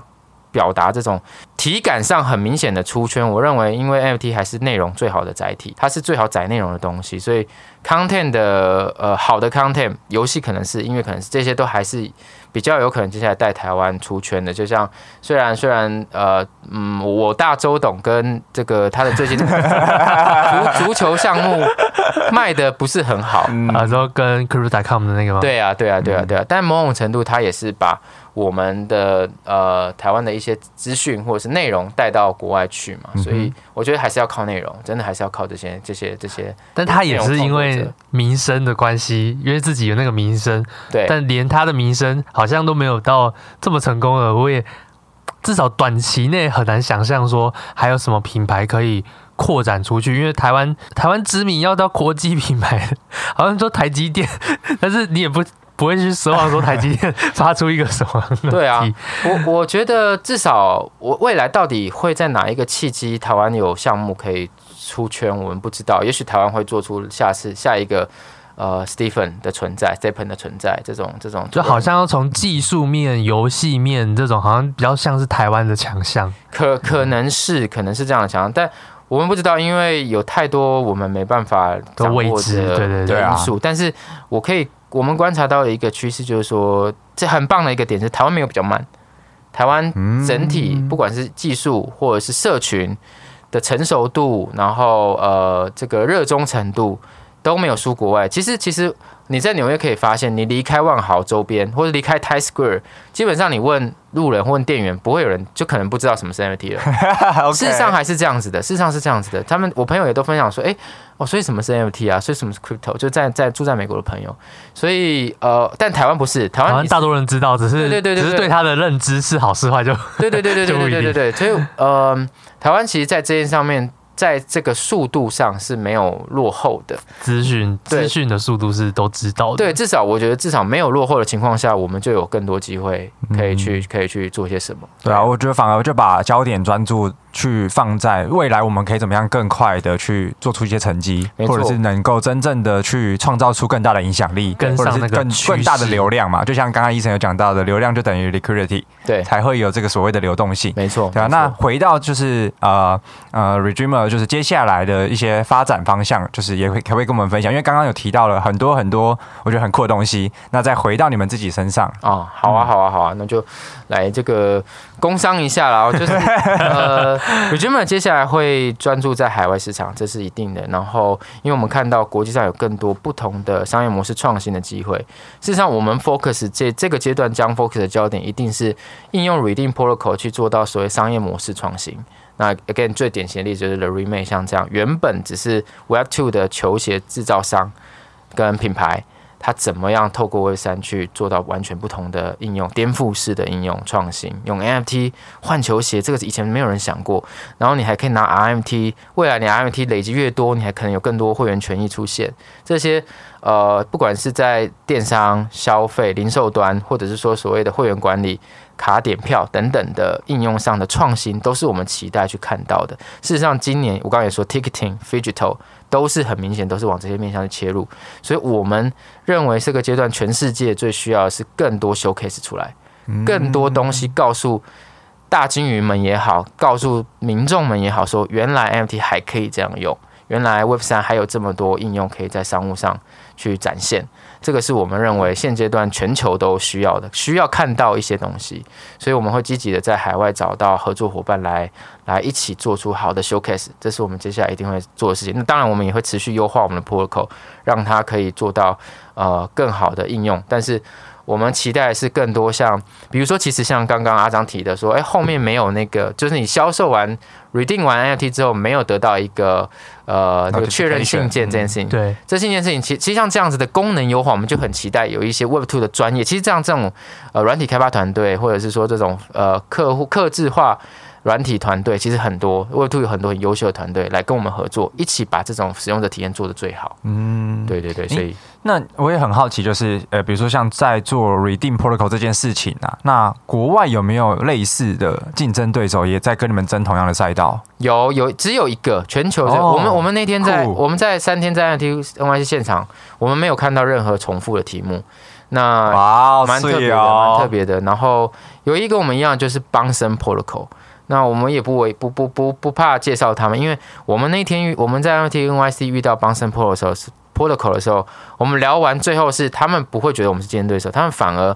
表達這種體感上很明顯的出圈，我認為因為 NFT 還是內容最好的載體，它是最好載內容的東西，所以 content 的呃好的 content 遊戲，可能是音樂，可能是這些都還是比較有可能接下來帶台灣出圈的，就像雖然雖然呃嗯我大周董跟這個他的最近足、這個、 足球項目賣的不是很好，然、嗯、後、啊、跟 Crypto.com 的那個嗎？對啊對啊對啊對啊、嗯，但某種程度他也是把。我們的呃台灣的一些資訊或者是內容帶到國外去嘛、嗯，所以我覺得還是要靠內容，真的還是要靠這些這些這些。但他也是因為名聲的關係，因為自己有那個名聲，對，但連他的名聲好像都沒有到這麼成功了。我也至少短期內很難想象說還有什麼品牌可以擴展出去。因為台灣台灣知名要到國際品牌，好像說台積電，但是你也不。不會去奢望說台積電發出一個什麼？ 對啊，我我覺得至少我未來到底會在哪一個契機台灣有項目可以出圈，我們不知道。也許台灣會做出下次下一個呃，Stephen 的存在，Stephen 的存在這種這種，就好像從技術面、遊、嗯、戲面這種，好像比較像是台灣的強項。可可能是可能是這樣的強項、嗯，但我們不知道，因為有太多我們沒辦法的都未知的對對因、啊、素。但是我可以。我們觀察到的一個趨勢就是說，這很棒的一個點是台灣沒有比較慢。台灣整體不管是技術或者是社群的成熟度，然後呃這個熱衷程度都沒有輸國外。其實其實。你在紐約可以發現，你離開萬豪周邊或者離開 Times Square 基本上你問路人或問店員，不會有人就可能不知道什麼是 NFT 了、 okay。事實上還是這樣子的，事實上是這樣子的。他們我朋友也都分享說，誒、欸、哦，所以什麼是 NFT 啊？所以什麼是 crypto？就在在住在美國的朋友，所以呃，但台灣不是台灣，台灣大多人知道，只是對對對，對，對，對對對，只是對他的認知是好是壞就對對對對對，對對對對對對對對， 所以呃，台灣其實在這些上面。在這個速度上是沒有落後的，資訊資訊的速度是都知道的。對，至少我覺得至少沒有落後的情況下，我們就有更多機會可以去、嗯、可以去做些什麼對。對啊，我覺得反而就把焦點專注去放在未來，我們可以怎麼樣更快的去做出一些成績，或者是能夠真正的去創造出更大的影響力跟上，或者是更更大的流量嘛，就像剛剛 Eason 有講到的，流量就等於 liquidity。對，才會有這個所謂的流動性。沒錯，對啊。那回到就是呃呃，RE:DREAMER 就是接下來的一些發展方向，就是也會也會跟我們分享。因為剛剛有提到了很多很多，我覺得很酷的東西。那再回到你們自己身上、哦、啊、嗯，好啊，好啊，好啊，那就來這個。工商一下啦，然後就是呃 RE:DREAMER 接下來會專注在海外市場，這是一定的。然後，因為我們看到國際上有更多不同的商業模式創新的機會，事實上，我們 focus 這這個階段將 focus 的焦點一定是應用 RE:DREAMER Protocol 去做到所謂商業模式創新。那 again 最典型的例子就是 Reebok 像這樣，原本只是 Web2 的球鞋制造商跟品牌。它怎麼樣透過 Web3 去做到完全不同的應用，顛覆式的應用創新？用 NFT 換球鞋，這個以前沒有人想過。然後你還可以拿 RMT，未來你 RMT 累積越多，你還可能有更多會員權益出現。這些呃，不管是在電商、消費、零售端，或者是說所謂的會員管理。卡點票等等的應用上的創新，都是我們期待去看到的。事實上，今年我剛才也說，ticketing phygital 都是很明顯，都是往這些面向去切入。所以我們認為這個階段，全世界最需要的是更多 showcase 出來，更多東西告訴大鯨魚們也好，告訴民眾們也好，說原來 NFT 還可以這樣用，原來 Web 三還有這麼多應用可以在商務上去展現。這個是我們認為現階段全球都需要的，需要看到一些東西，所以我們會積極的在海外找到合作夥伴來來一起做出好的 showcase，這是我們接下來一定會做的事情。那當然，我們也會持續優化我們的 protocol，讓它可以做到呃更好的應用。但是我們期待的是更多像，比如說，其實像剛剛阿璋提的說，誒後面沒有那個，就是你銷售完 redeem 完 it 之後，沒有得到一個。呃，那個確認信件這件事情，哦，就是嗯、對，這是一件事情。其其實像這樣子的功能優化，我們就很期待有一些 Web Two 的專業。其實，這樣這種呃，軟體開發團隊，或者是說這種呃，客戶客製化。軟體團隊其實很多，Web2 有很多很優秀的團隊來跟我們合作，一起把這種使用者體驗做得最好。嗯，對對對，所以、欸、那我也很好奇，就是呃，比如說像在做 Redeem Protocol 這件事情啊，那國外有沒有類似的競爭對手也在跟你們爭同樣的賽道？有有，只有一個全球的、哦。我們我們那天在我們在三天在 NFT NYC 現場，我們沒有看到任何重複的題目。那哇，蠻特別的，蠻、哦、特別的、的。然後有一個跟我們一樣，就是 Bonsen Protocol。那我們也不為不不不不怕介紹他們，因為我們那天遇我們在 NFT NYC 遇到邦森坡的時候，Protocol 的時候，我們聊完最後是他們不會覺得我們是競爭對手，他們反而。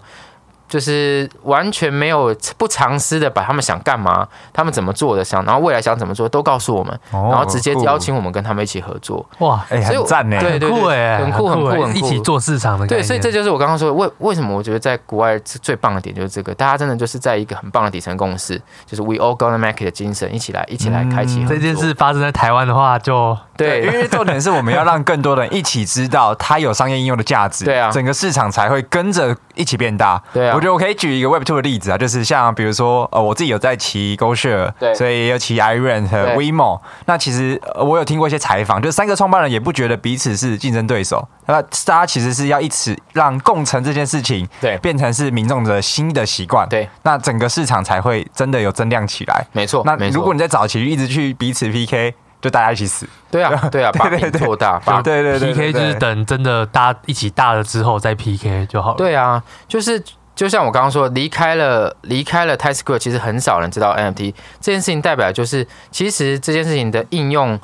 就是完全沒有不藏私的，把他們想幹嘛，他們怎麼做的，想然後未來想怎麼做，都告訴我們，哦，然後直接邀請我們跟他們一起合作。哇，哦，哎，欸，很讚哎，很酷很酷很酷很酷，很酷很酷一起做市場的。對，所以這就是我剛剛說的為為什麼我覺得在國外最棒的點就是這個，大家真的就是在一個很棒的底層公司，就是 We All Gonna Make It 的精神，一起來一起來開啟，嗯。這件事發生在台灣的話就，就 對，因為重點是我們要讓更多人一起知道它有商業應用的價值，對啊，整個市場才會跟着。一起變大，對啊，我覺得我可以舉一個 Web Two 的例子啊，就是像比如說，呃，我自己有在騎 GoShare，對，所以也有騎 iRent 和 WeMo。那其實，呃，我有聽過一些採訪，就三個創辦人也不覺得彼此是競爭對手，那大家其實是要一起讓共乘這件事情對變成是民眾的新的習慣，對，那整個市場才會真的有增量起來。沒錯，那如果你在早期一直去彼此 PK。就大家一起死，對啊，對啊，把 k 做大，把對對對 PK，就是等真的大家一起大了之後再 PK 就好了。對啊，就是就像我剛剛說，離開了離開了 Times Square 其實很少人知道 NFT 這件事情，代表就是其實這件事情的應用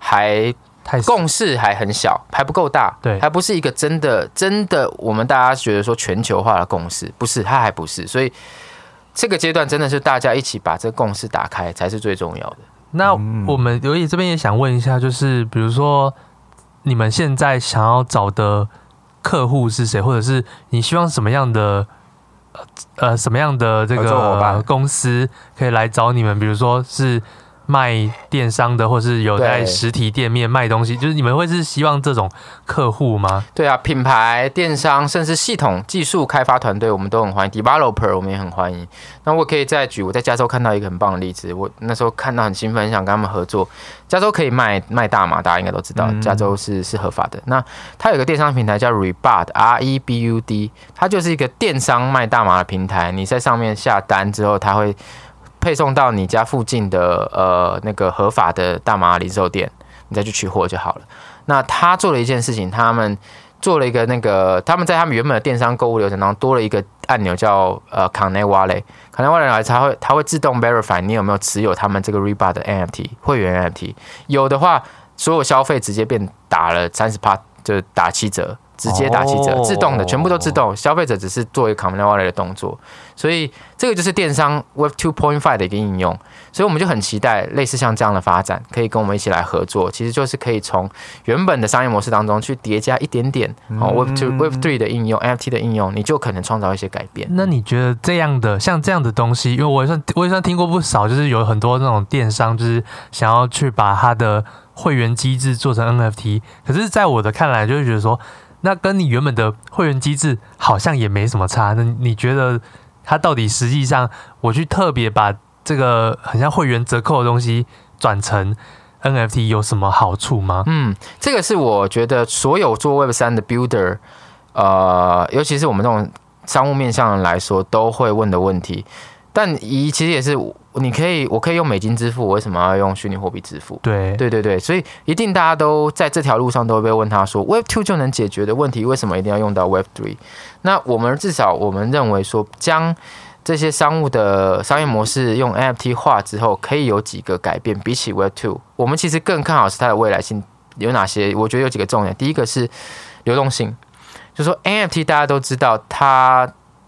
還太共識還很小，還不夠大，對，還不是一個真的真的我們大家覺得說全球化的共識，不是它還不是，所以這個階段真的是大家一起把這共識打開才是最重要的。那我們劉野這邊也想問一下，就是比如說，你們現在想要找的客戶是誰，或者是你希望什麼樣的呃什麼樣的這個公司可以來找你們？比如說是。賣電商的，或是有在實體店面賣東西，就是你們會是希望這種客戶嗎？對啊，品牌電商，甚至系統技術開發團隊，我們都很歡迎。Developer 我們也很歡迎。那我可以再舉，我在加州看到一個很棒的例子。我那時候看到很興奮，很想跟他們合作。加州可以賣賣大麻，大家應該都知道，嗯、加州是是合法的。那它有個電商平台叫 Rebud，R-E-B-U-D，-E、它就是一個電商賣大麻的平台。你在上面下單之後，它會。配送到你家附近的呃那個合法的大麻零售店，你再去取貨就好了。那他做了一件事情，他們做了一個那個他們在他們原本的電商購物流程當中多了一個按鈕叫呃 Connect Wallet。Connect Wallet 他會他會自動 verify 你有沒有持有他們這個 rebar 的 NFT 會員 NFT，有的話所有消費直接變打了三十趴，就是打七折。直接打七折、哦，自動的，全部都自動，哦、消費者只是做一個 c o m m o n and o n t y 的動作，所以這個就是電商 Web two point five 的一個應用，所以我們就很期待類似像這樣的發展，可以跟我們一起來合作，其實就是可以從原本的商業模式當中去疊加一點點、嗯哦、Web two Web three 的應用，NFT 的應用，你就可能創造一些改變。那你覺得這樣的像這樣的東西，因為我也算我也算聽過不少，就是有很多那種電商就是想要去把它的會員機制做成 NFT，可是在我的看來，就是覺得說。那跟你原本的會員機制好像也沒什麼差，那你覺得它到底實際上，我去特別把這個很像會員折扣的東西轉成 NFT 有什麼好處嗎？嗯，這個是我覺得所有做 Web 三的 Builder，呃，尤其是我們這種商務面向人來說都會問的問題，但一其實也是。你可以，我可以用美金支付，我為什麼要用虛擬貨幣支付？對，對對對，所以一定大家都在這條路上都會被問，他說 Web Two 就能解決的問題，為什麼一定要用到 Web Three？那我們至少我們認為說，將這些商務的商業模式用 NFT 化之後，可以有幾個改變，比起 Web Two，我們其實更看好是它的未來性有哪些？我覺得有幾個重點，第一個是流動性，就說 NFT 大家都知道它。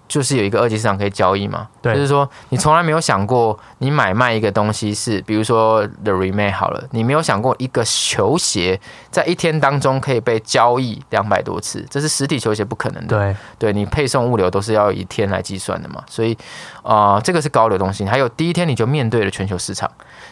就是有一個二級市場可以交易嘛，就是說你從來沒有想過，你買賣一個東西是，比如說 the remake 好了，你沒有想過一個球鞋在一天當中可以被交易兩百多次，這是實體球鞋不可能的。對，對，你配送物流都是要以天來計算的嘛，所以啊、呃，這個是高流動性，還有第一天你就面對了全球市場。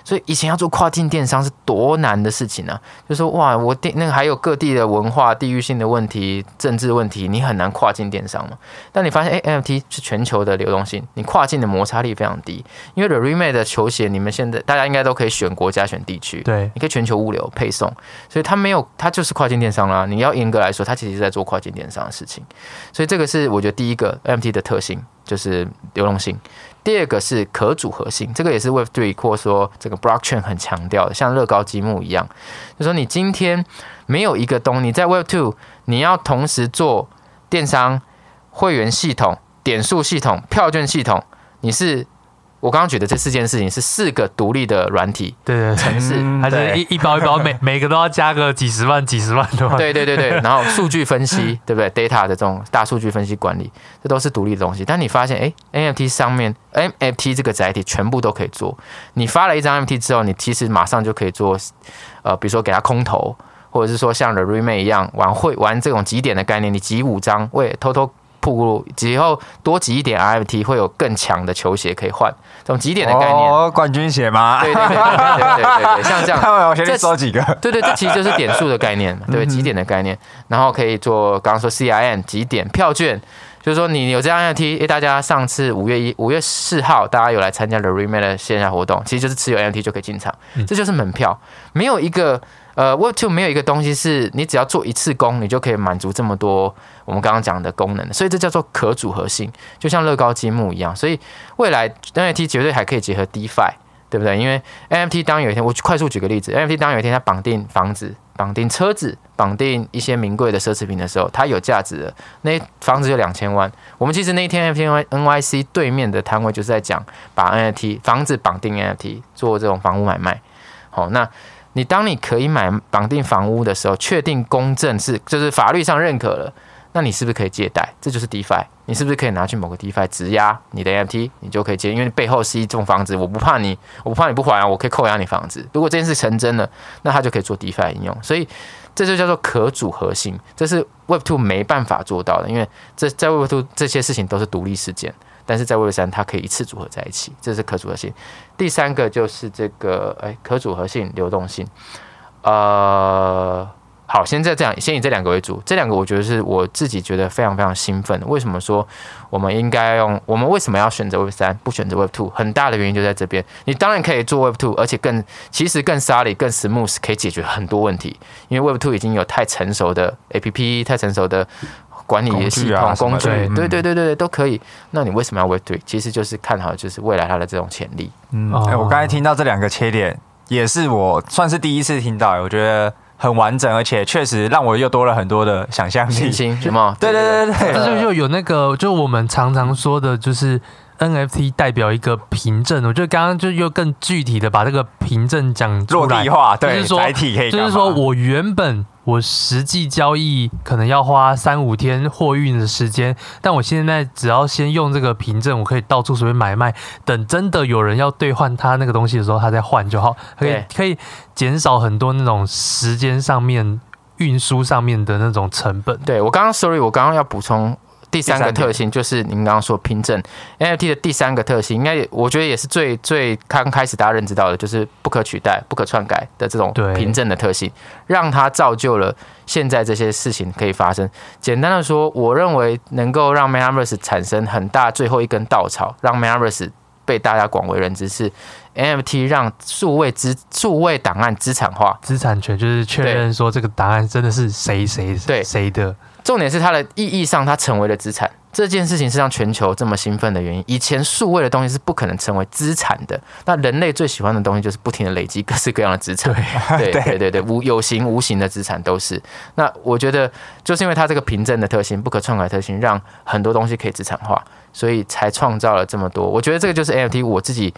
所以以前要做跨境電商是多難的事情呢、啊，就是、說哇，我電那個還有各地的文化、地域性的問題、政治問題，你很難跨境電商嘛。但你發現，哎、欸、NFT 是全球的流動性，你跨境的摩擦力非常低。因為 Reebok 的球鞋，你們現在大家應該都可以選國家、選地區，對，你可以全球物流配送，所以它沒有，它就是跨境電商啦、啊。你要嚴格來說，它其實是在做跨境電商的事情。所以這個是我覺得第一個 NFT 的特性，就是流動性。第二個是可組合性，這個也是 Web Three 或說這個 Blockchain 很強調的，像樂高積木一樣，就是說你今天沒有一個東西你在 Web Two，你要同時做電商、會員系統、點數系統、票券系統，你是。我剛剛覺得這四件事情是四個獨立的軟體，對對、啊，程式、嗯、還是一一包一包每，每 每個都要加個幾十萬、幾十萬對吧？對對對對，然後數據分析， 對不對？data 的這種大數據分析管理，這都是獨立的東西。但你發現，哎、欸、NFT 上面，NFT 這個載體全部都可以做。你發了一張 NFT 之後，你其實馬上就可以做，呃，比如說給它空投，或者是說像 The Remake 一樣玩會玩這種集點的概念，你集五張為偷偷布，以後多集一點 NFT 會有更強的球鞋可以換，這種集點的概念、哦，冠軍鞋嗎？對對對對對，對，對，對，對， 像這樣，看我現在說幾個？對，對對，這其實就是點數的概念，對、嗯、集點的概念，然後可以做剛剛說 CIN 集點、票券，就是說你有這樣 NFT，誒，大家上次五月一五月四號大家有來參加 The Remix 的線下活動，其實就是持有 NFT 就可以進場、嗯，這就是門票，沒有一個呃，Web2 沒有一個東西是你只要做一次工你就可以滿足這麼多。我們剛剛講的功能，所以這叫做可組合性，就像樂高積木一樣。所以未來 NFT 絕對還可以結合 DeFi，對不對？因為 NFT 當然有一天，我快速舉個例子，NFT 當然有一天它綁定房子、綁定車子、綁定一些名貴的奢侈品的時候，它有價值了。那房子就兩千萬。我們其實那一天 NFT NYC 對面的攤位就是在講把 NFT 房子綁定 NFT 做這種房屋買賣。好，那你當你可以買綁定房屋的時候，確定公證是就是法律上認可了。那你是不是可以借貸？這就是 DeFi。你是不是可以拿去某個 DeFi 質押你的 NFT，你就可以借，因為背後是一棟房子，我不怕你，我不怕你不還啊，我可以扣押你房子。如果這件事成真了，那它就可以做 DeFi 應用，所以這就叫做可組合性，這是 Web2 沒辦法做到的，因為這在 Web2 這些事情都是獨立事件，但是在 Web3 它可以一次組合在一起，這是可組合性。第三個就是這個，誒、欸，可組合性、流動性，呃。好，先在這樣，先以這兩個為主。這兩個我覺得是我自己覺得非常非常興奮。為什麼說我們應該用？我們為什麼要選擇 Web 三不選擇 Web two？很大的原因就在這邊。你當然可以做 Web two，而且更其實更 solid 更 smooth，可以解決很多問題。因為 Web two 已經有太成熟的 APP、太成熟的管理系統工具,、啊、的工具，對對對對對,、嗯、對,對,對都可以。那你為什麼要 Web two 其實就是看好就是未來它的這種潛力。嗯，欸、我剛才聽到這兩個缺點，也是我算是第一次聽到。我覺得。很完整，而且確實讓我又多了很多的想象力，有 對，對對對對，這、嗯嗯、就又有那個，就我們常常說的，就是 NFT 代表一個憑證。我覺得剛剛就又更具體的把這個憑證講落地化，對，載體可以，就是說，就是說我原本。我實際交易可能要花三五天貨運的時間，但我現在只要先用這個憑證，我可以到處隨便買賣，等真的有人要兌換他那個東西的時候，他再換就好，可以可以減少很多那種時間上面、運輸上面的那種成本。對，我剛剛，sorry，我剛剛要補充。第三個特性就是您剛剛說憑證，NFT 的第三個特性，應該我覺得也是最最剛開始大家認知到的，就是不可取代、不可篡改的這種憑證的特性，讓它造就了現在這些事情可以發生。簡單的說，我認為能夠讓 Metaverse 產生很大最後一根稻草，讓 Metaverse 被大家廣為人知是 NFT 讓數位資數位檔案資產化，資產權就是確認說這個檔案真的是誰誰誰的。重點是它的意義上，它成為了資產，這件事情是讓全球這麼興奮的原因。以前數位的東西是不可能成為資產的。那人類最喜歡的東西就是不停的累積各式各樣的資產對，對對對對，無 有形無形的資產都是。那我覺得就是因為它這個憑證的特性、不可篡改的特性，讓很多東西可以資產化，所以才創造了這麼多。我覺得這個就是 NFT，我自己。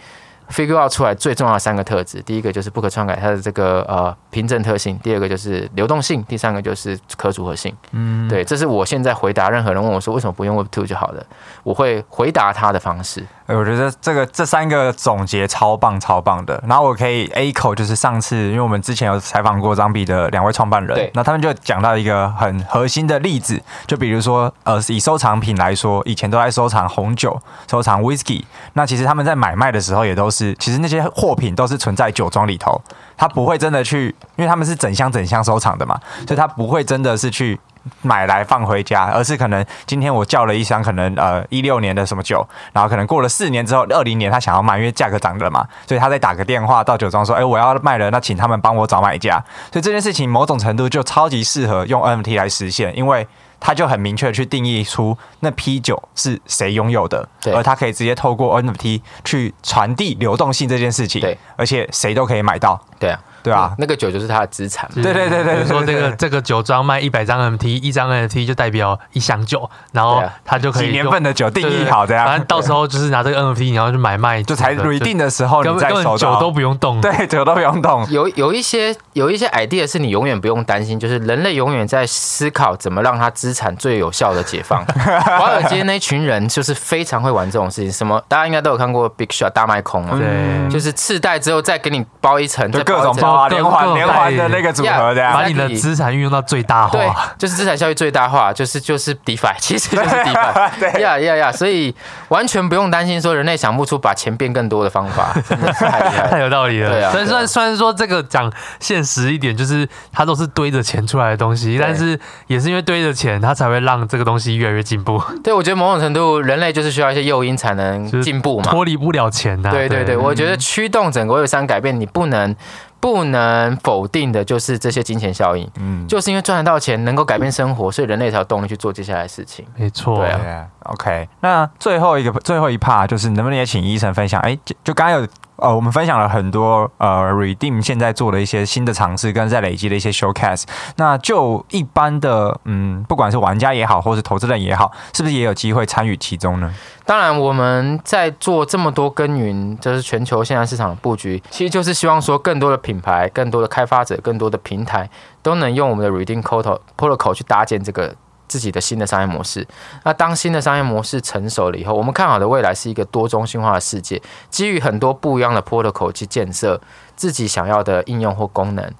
figure out 出來最重要的三個特質，第一個就是不可篡改，它的這個呃憑證特性；第二個就是流動性；第三個就是可組合性。嗯，對，這是我現在回答任何人問我說為什麼不用 Web 2就好了，我會回答他的方式。我覺得這個這三個總結超棒超棒的。然後我可以 A 口就是上次，因為我們之前有採訪過張比的兩位創辦人，對。那他們就講到一個很核心的例子，就比如說，呃，以收藏品來說，以前都在收藏紅酒、收藏 whiskey，那其實他們在買賣的時候也都是，其實那些貨品都是存在酒莊裡頭，他不會真的去，因為他們是整箱整箱收藏的嘛，所以他不會真的是去。買來放回家，而是可能今天我叫了一箱，可能呃一六年的什麼酒，然後可能過了四年之後，二零年他想要賣，因為價格漲了嘛，所以他再打個電話到酒莊說，哎、欸，我要賣了，那請他們幫我找買家。所以這件事情某種程度就超級適合用 NFT 來實現，因為他就很明確去定義出那批酒是誰擁有的，而他可以直接透過 NFT 去傳遞流動性這件事情，對，而且誰都可以買到，對啊。對啊對，那個酒就是他的資產嘛。對對對對，對，說這個這個酒莊賣一百張 m t 一張 m t 就代表一箱酒，然後他就可以、啊、幾年份的酒定義好，這樣對對對，反正到時候就是拿這個 m t 你要去買賣，就才 r i n 定的時候你再，你根本酒都不用動，對，酒都不用動。有有一些有一些 idea 是你永遠不用擔心，就是人類永遠在思考怎麼讓他資產最有效的解放。華 爾街那群人就是非常會玩這種事情，什麼大家應該都有看過 Big s h o t 大賣空。對。就是次貸之後再給你包一層，就各種包。哦、連環連環的那個組合的，yeah, exactly. 把你的資產運用到最大化，就是資產效益最大化，就是就是 DeFi， 其實就是 DeFi，呀呀呀，yeah, yeah, yeah, 所以完全不用擔心說人類想不出把錢變更多的方法，太, 太有道理了。對啊，雖然雖然說這個講現實一點，就是它都是堆着錢出來的東西，但是也是因為堆着錢，它才會讓這個東西越來越進步。對，我覺得某種程度人類就是需要一些誘因才能進步嘛，脫、就、離、是、不了錢的、啊。對對對，嗯、我覺得驅動整個 Web 3改變，你不能。不能否定的，就是這些金錢效應。嗯，就是因為賺得到錢，能夠改變生活，所以人類才有動力去做接下來的事情。沒錯，對啊。Yeah, OK，那最後一個最後一趴，就是，能不能也請 Eason 分享？哎、欸，就就剛剛有。呃，我們分享了很多呃，Redeem 現在做的一些新的嘗試，跟在累積的一些 Showcase。那就一般的，嗯，不管是玩家也好，或是投資人也好，是不是也有機會參與其中呢？當然，我們在做這麼多耕耘，就是全球現在市場的布局，其實就是希望說，更多的品牌、更多的開發者、更多的平台，都能用我們的 Redeem Protocol 去搭建這個。自己的新的商業模式。那當新的商業模式成熟了以後，我們看好的未來是一個多中心化的世界，基於很多不一樣的 protocol 去建設自己想要的應用或功能。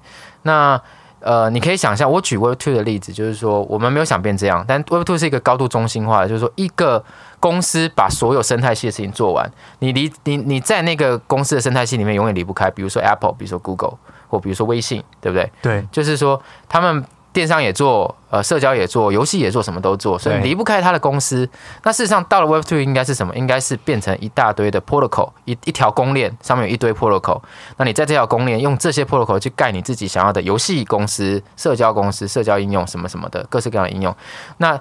那呃，你可以想象，我舉 Web 2的例子，就是說我們沒有想變這樣，但 Web 2是一個高度中心化的，就是說一個公司把所有生態系的事情做完，你離你你在那個公司的生態系裡面永遠離不開，比如說 Apple，比如說 Google，或比如說微信，對不對？對，就是說他們。電商也做，呃，社交也做，遊戲也做，什麼都做，所以離不開他的公司。那事實上，到了 Web Two 應該是什麼？應該是變成一大堆的 Protocol，一一條公鏈上面有一堆 Protocol。那你在這條公鏈用這些 Protocol 去蓋你自己想要的遊戲公司、社交公司、社交應用什麼什麼的各式各樣的應用。那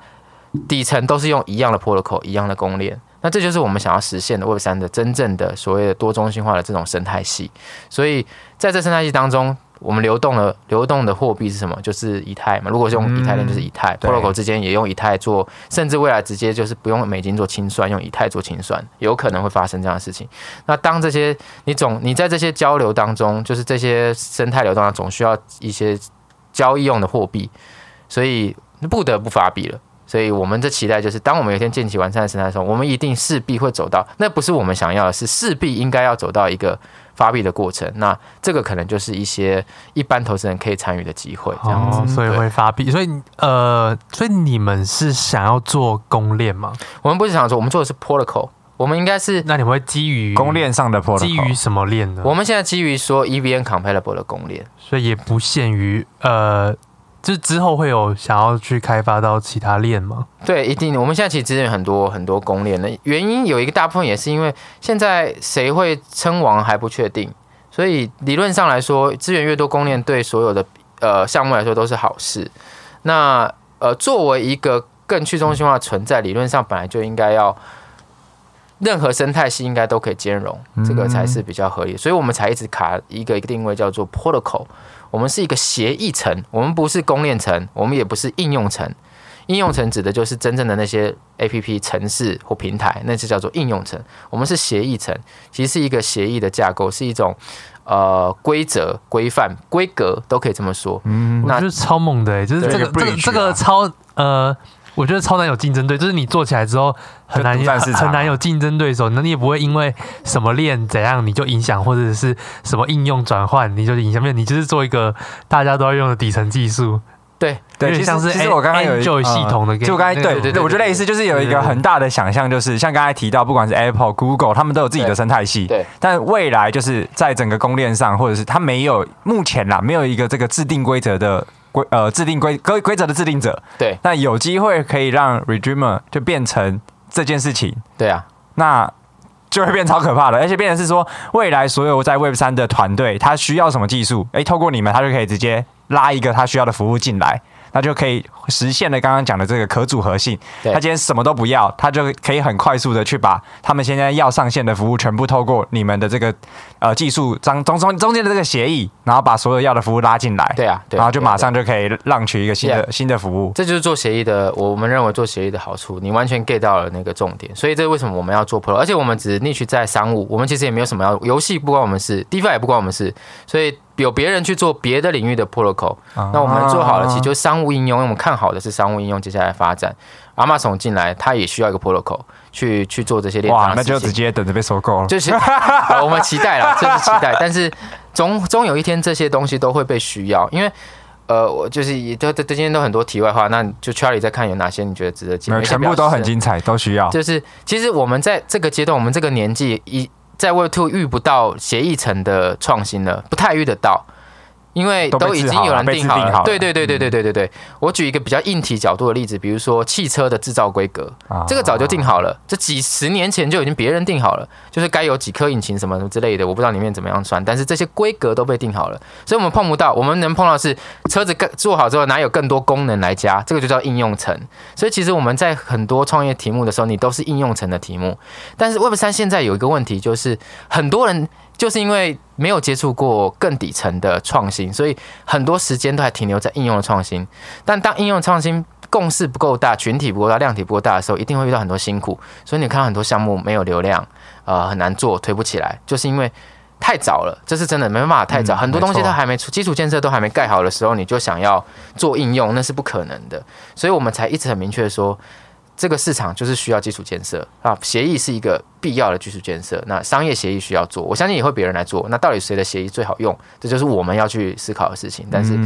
底層都是用一樣的 Protocol，一樣的公鏈。那這就是我們想要實現的 Web 三的真正的所謂的多中心化的這種生態系。所以在這生態系當中，我們流動的流動的貨幣是什麼？就是以太嘛。如果是用以太鏈、嗯，就是以太。Polo 口之間也用以太做，甚至未來直接就是不用美金做清算，用以太做清算，有可能會發生這樣的事情。那當這些你總你在這些交流當中，就是這些生態流動啊，總需要一些交易用的貨幣，所以不得不發幣了。所以我們的期待就是，當我們有一天建起完善的生態的時候，我們一定勢必會走到，那不是我們想要的是，是勢必應該要走到一個發幣的過程，那這個可能就是一些一般投資人可以參與的機會這樣子。子、哦、所以會發幣，所以呃，所以你們是想要做公鏈嗎？我們不是想說，我們做的是 protocol，我們應該是。那你們會基於公鏈上的 protocol？基於什麼鏈呢？我們現在基於說 EVM compatible 的公鏈，所以也不限於呃。就之後會有想要去開發到其他鏈嗎？對，一定。我們現在其實資源很多很多公鏈的，原因有一個大部分也是因為現在誰會稱王還不確定，所以理論上來說，資源越多公鏈對所有的呃項目來說都是好事。那呃，作為一個更去中心化的存在，嗯、理論上本來就應該要任何生態系應該都可以兼容、嗯，這個才是比較合理，所以我們才一直卡一個一個定位叫做 protocol。我們是一個協議層，我們不是公鏈層，我們也不是應用層。應用層指的就是真正的那些 A P P 程式或平台，那就叫做應用層。我們是協議層，其實是一個協議的架構，是一種呃規則、規範、規格都可以這麼說。嗯，那就是超猛的、欸，就是這個這個啊這個、這個超呃。我覺得超難有競爭對，就是你做起來之後很難有，啊，很難有競爭對手。那你也不會因為什麼鏈怎樣你就影響，或者是什麼應用轉換你就影響不了。你就是做一個大家都要用的底層技術。對，有其，其實我剛剛有就系統的 game，嗯，就我剛才對對對，對，對，對對對，我覺得類似就是有一個很大的想象，就是像剛才提到，不管是 Apple、Google，他們都有自己的生態系，對。對，但未來就是在整個公鏈上，或者是它沒有目前啦，沒有一個這個制定規則的。規呃，制定規規規則的制定者，對，那有機會可以讓 RE:DREAMER 就變成這件事情，對啊，那就會變超可怕的，而且變成是說，未來所有在 Web 三的團隊，他需要什麼技術，誒、欸，透過你們，他就可以直接拉一個他需要的服務進來。那就可以實現了剛剛講的這個可組合性。對。他今天什麼都不要，他就可以很快速的去把他們現在要上線的服務全部透過你們的這個呃技術中中中中間的這個協議，然後把所有要的服務拉進來。對啊對。然後就馬上就可以 launch 一個新的對對對新的服務。啊、這就是做協議的，我們認為做協議的好處，你完全 get 到了那個重點。所以這為什麼我們要做 Pro？而且我們只 niche 在商務，5, 我們其實也沒有什麼要遊戲不關我們事，DeFi 也不關我們事，所以。有別人去做別的領域的 protocol，那我們做好了，其實就是商務應用，因為我們看好的是商務應用接下來發展。亞馬遜進來，它也需要一個 protocol 去去做這些鏈。哇，那就直接等着被收購就是 我們期待了，就是期待，但是總總有一天這些東西都會被需要，因為呃，我就是也這這今天都很多題外話，那就 Charlie 在看有哪些你覺得值得進。沒有，全部都很精彩，都需要。就是其實我們在這個階段，我們這個年紀一。在 Web2 遇不到協議層的創新了，不太遇得到。因為都已經有人定好了，對對對對對對對對。我舉一個比較硬體角度的例子，比如說汽車的製造規格，這個早就定好了，這幾十年前就已經別人定好了，就是該有幾顆引擎什麼什麼之類的，我不知道裡面怎麼樣算，但是這些規格都被定好了，所以我們碰不到，我們能碰到是車子更做好之後，哪有更多功能來加？這個就叫應用層。所以其實我們在很多創業題目的時候，你都是應用層的題目。但是 Web3 現在有一個問題，就是很多人。就是因為沒有接觸過更底層的創新，所以很多時間都還停留在應用的創新。但當應用創新共識不夠大、群體不夠大、量體不夠大的時候，一定會遇到很多辛苦。所以你看到很多項目沒有流量，呃，很難做，推不起來，就是因為太早了。這是真的，沒辦法，太早，很多東西都還沒出，基礎建設都還沒蓋好的時候，你就想要做應用，那是不可能的。所以我們才一直很明確說。這個市場就是需要基礎建設啊，協議是一個必要的基礎建設。那商業協議需要做，我相信也會別人來做。那到底誰的協議最好用，這就是我們要去思考的事情。但是，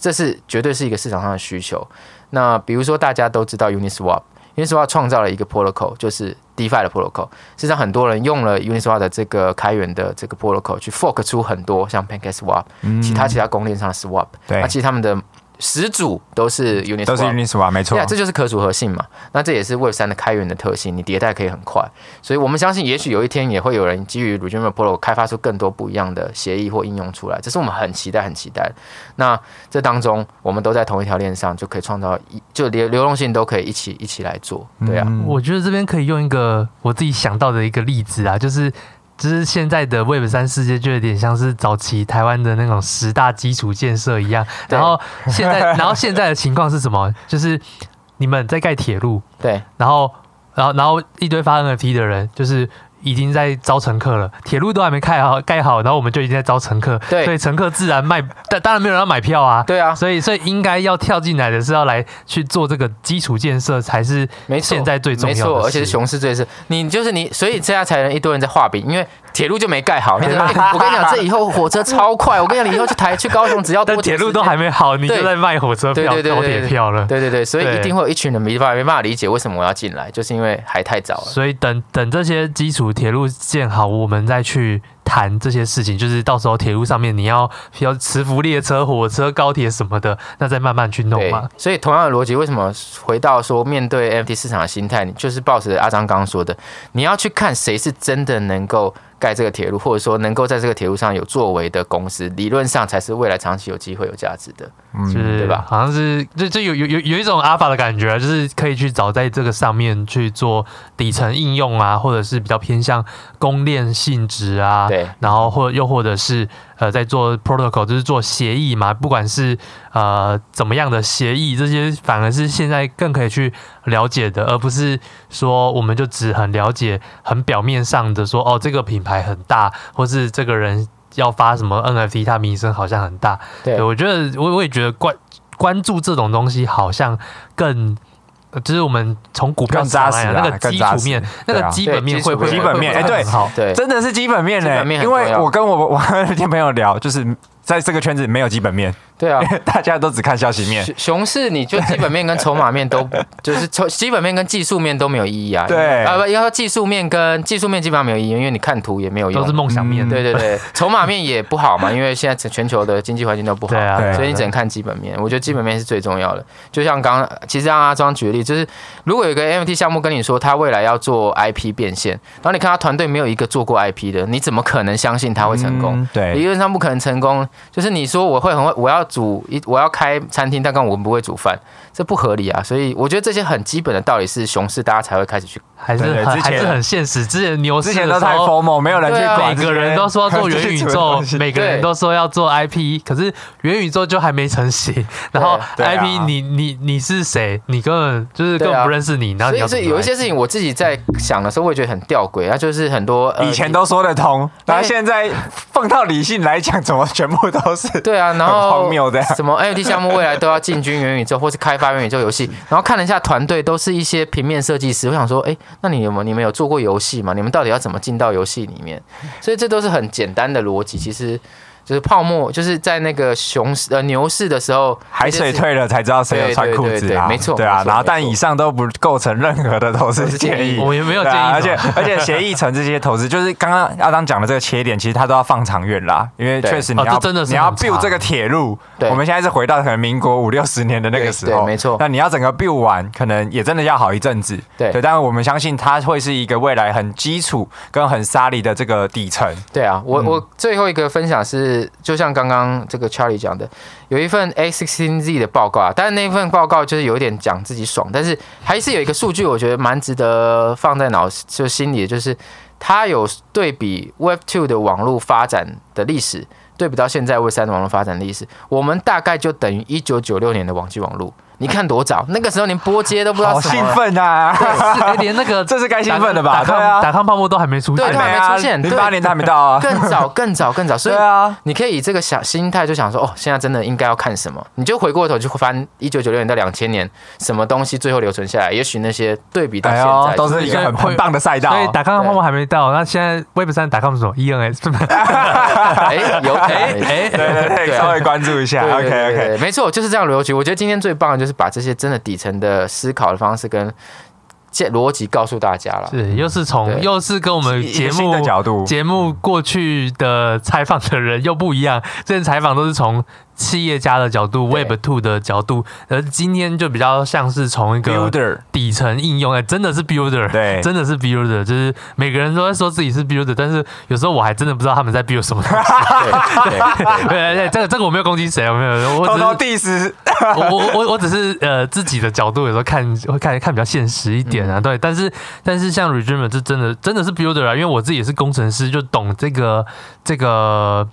這是絕對是一個市場上的需求。那比如說大家都知道 Uniswap，Uniswap Uniswap 創造了一個 protocol，就是 DeFi 的 protocol。事實上，很多人用了 Uniswap 的這個開源的這個 protocol 去 fork 出很多像 PancakeSwap，其他其他公鏈上的 swap、嗯。對，啊、其實他們的十組都是 Uniswap，都是 Uniswap？沒錯，這就是可組合性嘛。那這也是 Web 三的開源的特性，你迭代可以很快。所以我們相信，也許有一天也會有人基於 RE:DREAMER Pro 開發出更多不一樣的協議或應用出來。這是我們很期待、很期待的。那這當中，我們都在同一條鏈上，就可以創造一，就連流動性都可以一起一起來做。對啊，嗯、我覺得這邊可以用一個我自己想到的一個例子啊，就是。就是現在的 Web3 世界就有點像是早期台灣的那種十大基礎建設一樣，然後現在，然後現在的情況是什麼？就是你們在蓋鐵路，對，然後，然後，然後一堆發 NFT 的人，就是。已經在招乘客了，鐵路都還沒蓋好，蓋好，然後我們就已經在招乘客，對，所以乘客自然賣，但當然沒有人要買票啊，對啊，所以所以應該要跳進來的是要來去做這個基礎建設才是，沒錯，現在最重要，沒錯，而且是熊市最是，你就是你，所以這樣才能一堆人在畫餅，因為鐵路就沒蓋好，哎，我跟你講， 這以後火車超快，我跟你講，你以後去台去高雄只要，等，鐵路都還沒好，你就在賣火車票，高鐵票了，對對對，對，對，對，對，所以一定會有一群人沒法沒辦法理解為什麼我要進來，就是因為還太早了。所以等等這些基礎。鐵路建好，我們再去談這些事情，就是到時候鐵路上面你要要磁浮列車、火車、高鐵什麼的，那再慢慢去弄嘛。所以同樣的邏輯，為什麼回到說面對 NFT 市場的心態，就是抱着阿張剛剛說的，你要去看誰是真的能夠蓋這個鐵路，或者說能夠在這個鐵路上有作為的公司，理論上才是未來長期有機會、有價值的，是、嗯、對吧？好像是這這有有有一種 alpha 的感覺，就是可以去找在這個上面去做底層應用啊、嗯，或者是比較偏向公鏈性質啊。然後或又或者是呃，在做 protocol，就是做協議嘛，不管是呃怎麼樣的協議，這些反而是現在更可以去了解的，而不是說我們就只很了解很表面上的說哦，這個品牌很大，或是這個人要發什麼 NFT，他名聲好像很大。對，我覺得我我也覺得關關注這種東西好像更。就是我們從股票紮、啊、實、啊、那個基礎面，那個基本面、啊、會不會基本面會會會會？哎，對，會會對會會，真的是基本面嘞、欸。因為我跟我我聽朋友聊，就是在這個圈子沒有基本面。對啊，大家都只看消息面。熊，熊市你就基本面跟籌碼面都 就是基本面跟技術面都沒有意義啊。對啊不，應該說技術面跟技術面基本上沒有意義，因為你看圖也沒有用。都是夢想面、嗯、對對對，籌 碼面也不好嘛，因為現在全球的經濟環境都不好，對，啊對啊、所以你只能看基本面、嗯。我覺得基本面是最重要的。就像剛其實讓阿璋舉例，就是如果有個 NFT 項目跟你說他未來要做 I P 變現，然後你看他團隊沒有一個做過 I P 的，你怎麼可能相信他會成功？嗯、對，理論上不可能成功。就是你說我會很會，我要。煮一，我要開餐廳，但剛我們不會煮飯。這不合理啊！所以我覺得這些很基本的道理是，熊市大家才會開始去考慮，還是之前還是很現實。之前牛市的時候，之前都太 FOMO 了，沒有人去管人、啊，每個人都說要做元宇宙，每個人都說要做 IP，可是元宇宙就還沒成型。然後 IP，你、啊、你你，你是誰？你更就是更不認識你，然後你、啊。所以是有一些事情，我自己在想的時候，會覺得很吊詭。啊就是很多、呃、以前都說得通，但現在放到理性來講、欸，怎麼全部都是對啊？然後荒謬的什麼 NFT 項目未來都要進軍元宇宙， 或是開發。開元宇宙遊戲，然後看了一下團隊，都是一些平面設計師。我想說，哎、欸，那你有沒有你們有做過遊戲嗎？你們到底要怎麼進到遊戲裡面？所以這都是很簡單的邏輯，其實。就是泡沫，就是在那個熊呃牛市的時候，海水退了才知道誰有穿褲子啊，沒錯，對啊。然後但以上都不構成任何的投資建,建議，我也沒有建議，啊，而且 而且協議層這些投資，就是剛剛阿璋講的這個切點，其實它都要放長遠啦，因為確實你要，哦、你要 build 這個鐵路，對，我們現在是回到可能民國五六十年的那個時候，對對沒錯。那你要整個 build 完，可能也真的要好一陣子，對對。但是我們相信它會是一個未來很基礎跟很沙礫的這個底層。對啊，嗯、我我最後一個分享是。就像剛剛這個 Charlie 講的，有一份 A 16 Z 的報告啊，但是那份報告就是有點講自己爽，但是還是有一個數據，我覺得蠻值得放在腦就心裡的，就是他有對比 Web 2的網絡發展的歷史，對比到現在 Web 3的網絡發展的歷史，我們大概就等於1996年的網際網絡。你看多早，那個時候連波接都不知道什麼。好興奮啊是、欸！連那個這是該興奮的吧？對啊，打康泡沫都還沒出現，對、哎，還沒出、啊、現。零八年他還沒到啊，更早，更，早更早，更早，更早。對啊，你可以以這個想心態就想說，哦，現在真的應該要看什麼？你就回過頭去翻一九九六年到兩千年，什麼東西最後留存下來？也許那些對比到現在、哎、都是一個很，很棒的賽道所。所以打康泡沫還沒到，那現在 Web 三打康什麼？ENS？哎，有哎哎、欸，對對對，稍微關注一下。對對對 OK OK，對對對沒錯，就是這樣游局，我覺得今天最棒的就是。就是把這些真的底層的思考的方式跟邏輯告訴大家了。是，又是從，又是跟我們節目的角度，節目過去的採訪的人又不一樣，這些採訪都是從。企業家的角度，Web Two 的角度，而今天就比較像是從一個底層應用，哎，真的是 Builder，對，真的是 Builder，就是每個人都在說自己是 Builder，但是有時候我還真的不知道他們在 build 什麼 對。對對對，對、這個，這個我沒有攻擊誰，我沒有，我只是，通通 我我我只是呃自己的角度，有時候看會看看比較現實一點啊，對，但是但是像 RE:DREAMER 是真的真的是 Builder 啊，因為我自己也是工程師，就懂這個這個。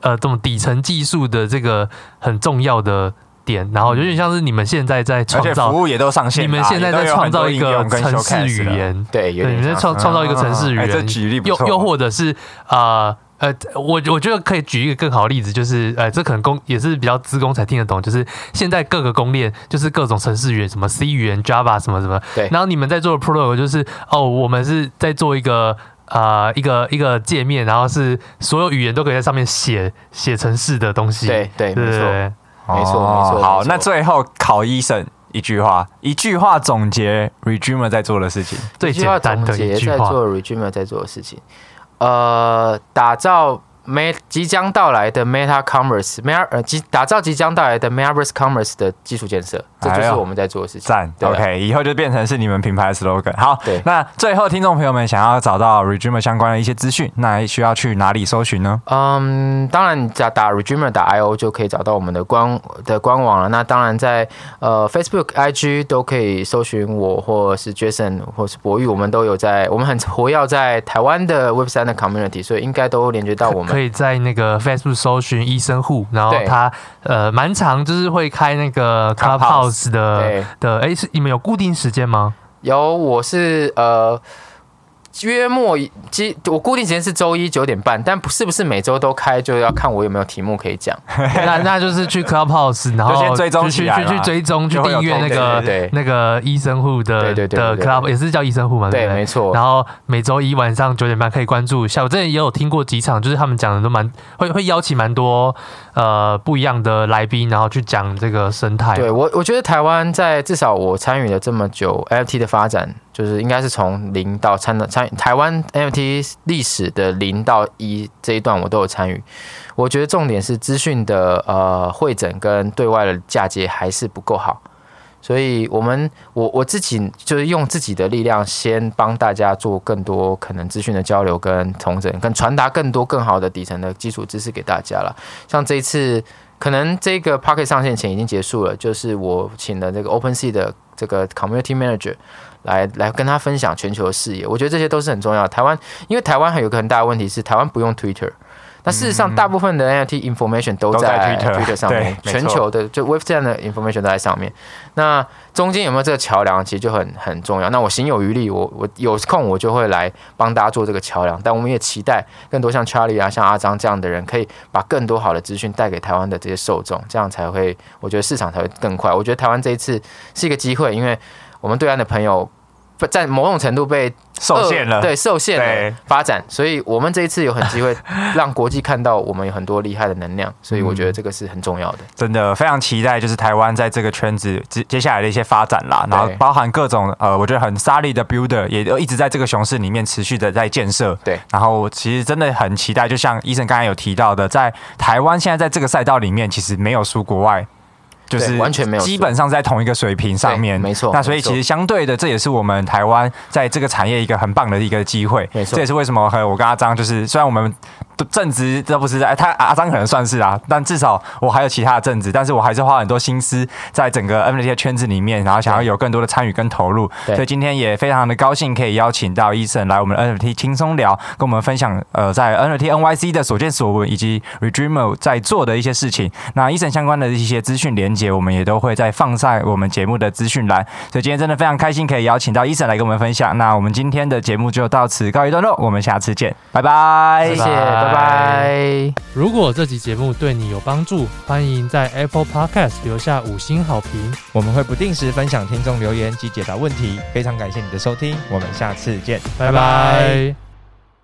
呃，這種底層技術的這個很重要的點，嗯、然後有點像是你們現在在創造服務也都上線、啊，你們現在在創造一個程式語言，語言對，對，你們在創創、嗯、造一個程式語言。嗯欸、這舉例不錯，又又或者是啊，呃，呃，我我覺得可以舉一個更好的例子，就是呃，這可能工也是比較資工才聽得懂，就是現在各個公鏈就是各種程式語言，什麼 C 語言、Java 什麼什麼，對。然後你們在做的 product 就是哦，我們是在做一個。呃，一個一個界面，然後是所有語言都可以在上面寫寫程式的東西。對對對，沒錯沒錯、哦、沒錯。好，沒錯，那最後考醫生一句，一句話，一句話總結 RE:DREAMER 在做的事情。最單一句話總結在做 RE:DREAMER 在做的事情。呃，打造即將到來的 Meta Commerce，Meta、呃、打造即將到來的 Meta Commerce 的基礎建設。這就是我們在做的事情。讚、哎、OK，以後就變成是你們品牌的 slogan。好，對，那最後聽眾朋友們想要找到 RE:DREAMER 相關的一些資訊，那還需要去哪裡搜尋呢？嗯，當然，只要打 RE:DREAMER 打 I O 就可以找到我們的官的官網了。那當然在，在呃 Facebook、IG 都可以搜尋我，或是 Eason，或是博宇，我們都有在，我們很活躍在台灣的 Web 三的 Community，所以應該都連接到我們。可以在那個 Facebook 搜尋 Eason Hu，然後他對呃蠻長，就是會開那個 Clubhouse 是的，的，哎、欸，是你們有固定時間嗎？有，我是呃，約莫，即我固定時間是周一九點半，但不是不是每周都開，就要看我有沒有題目可以講。 那那就是去 Clubhouse，然後去去去追蹤，去訂閱那個對對對那個醫生戶的的對對對對對 Club，也是叫醫生戶嘛對不對？對，沒錯。然後每周一晚上九點半可以關注一下，我這裡也有聽過幾場，就是他們講的都蠻會會邀請蠻多、哦。呃，不一樣的來賓，然後去講這個生態。對我，我覺得台灣在至少我參與了這麼久 NFT 的發展，就是應該是從零到參的參，台灣 NFT 歷史的零到一這一段我都有參與。我覺得重點是資訊的呃彙整跟對外的嫁接還是不夠好。所以我，我們我我自己就是用自己的力量，先幫大家做更多可能資訊的交流跟重整，跟傳達更多更好的底層的基礎知識給大家了。像這一次，可能這個 Pocket 上線前已經結束了，就是我請了這個 OpenSea 的這個 Community Manager 來來跟他分享全球的視野。我覺得這些都是很重要。台灣，因為台灣有一個很大的問題是，台灣不用 Twitter。那事實上，大部分的 NFT information 都在 Twitter 上面，全球的就 Web3 的 information 都在上面。那中間有沒有這個橋梁，其實就很很重要。那我行有餘力，我我有空我就會來幫大家做這個橋梁。但我們也期待更多像 Charlie 啊，像阿張這樣的人，可以把更多好的資訊帶給台灣的這些受眾，這樣才會，我覺得市場才會更快。我覺得台灣這一次是一個機會，因為我們對岸的朋友。在某種程度被受限了，對，受限了發展，所以我們這一次有很機會讓國際看到我們有很多厲害的能量， 所以我覺得這個是很重要的。嗯、真的非常期待，就是台灣在這個圈子接接下來的一些發展啦，然後包含各種呃，我覺得很 solid 的 builder 也都一直在這個熊市裡面持續的在建設。對，然後我其實真的很期待，就像 Eason 剛才有提到的，在台灣現在在這個賽道裡面，其實沒有輸國外。就是完全沒有，基本上在同一個水平上面，沒錯。那所以其實相對的，這也是我們台灣在這個產業一個很棒的一個機會。沒錯，這也是為什麼我跟阿張就是，雖然我們正職都不是在他，阿張可能算是啊，但至少我還有其他的正職，但是我還是花很多心思在整個 NFT 的圈子裡面，然後想要有更多的參與跟投入。對。所以今天也非常的高興可以邀請到 Eason 來我們 NFT 輕鬆聊，跟我們分享呃在 NFT NYC 的所見所聞，以及 RE:DREAMER 在做的一些事情。那 Eason 相關的一些資訊聯。我們也都會再放在放上我們節目的資訊欄，所以今天真的非常開心可以邀請到 Eason 來跟我們分享。那我們今天的節目就到此告一段落，我們下次見，拜拜，拜。謝謝，拜拜。如果這集節目對你有幫助，歡迎在 Apple Podcast 留下五星好評，我們會不定時分享聽眾留言及解答問題。非常感謝你的收聽，我們下次見，拜拜。拜拜。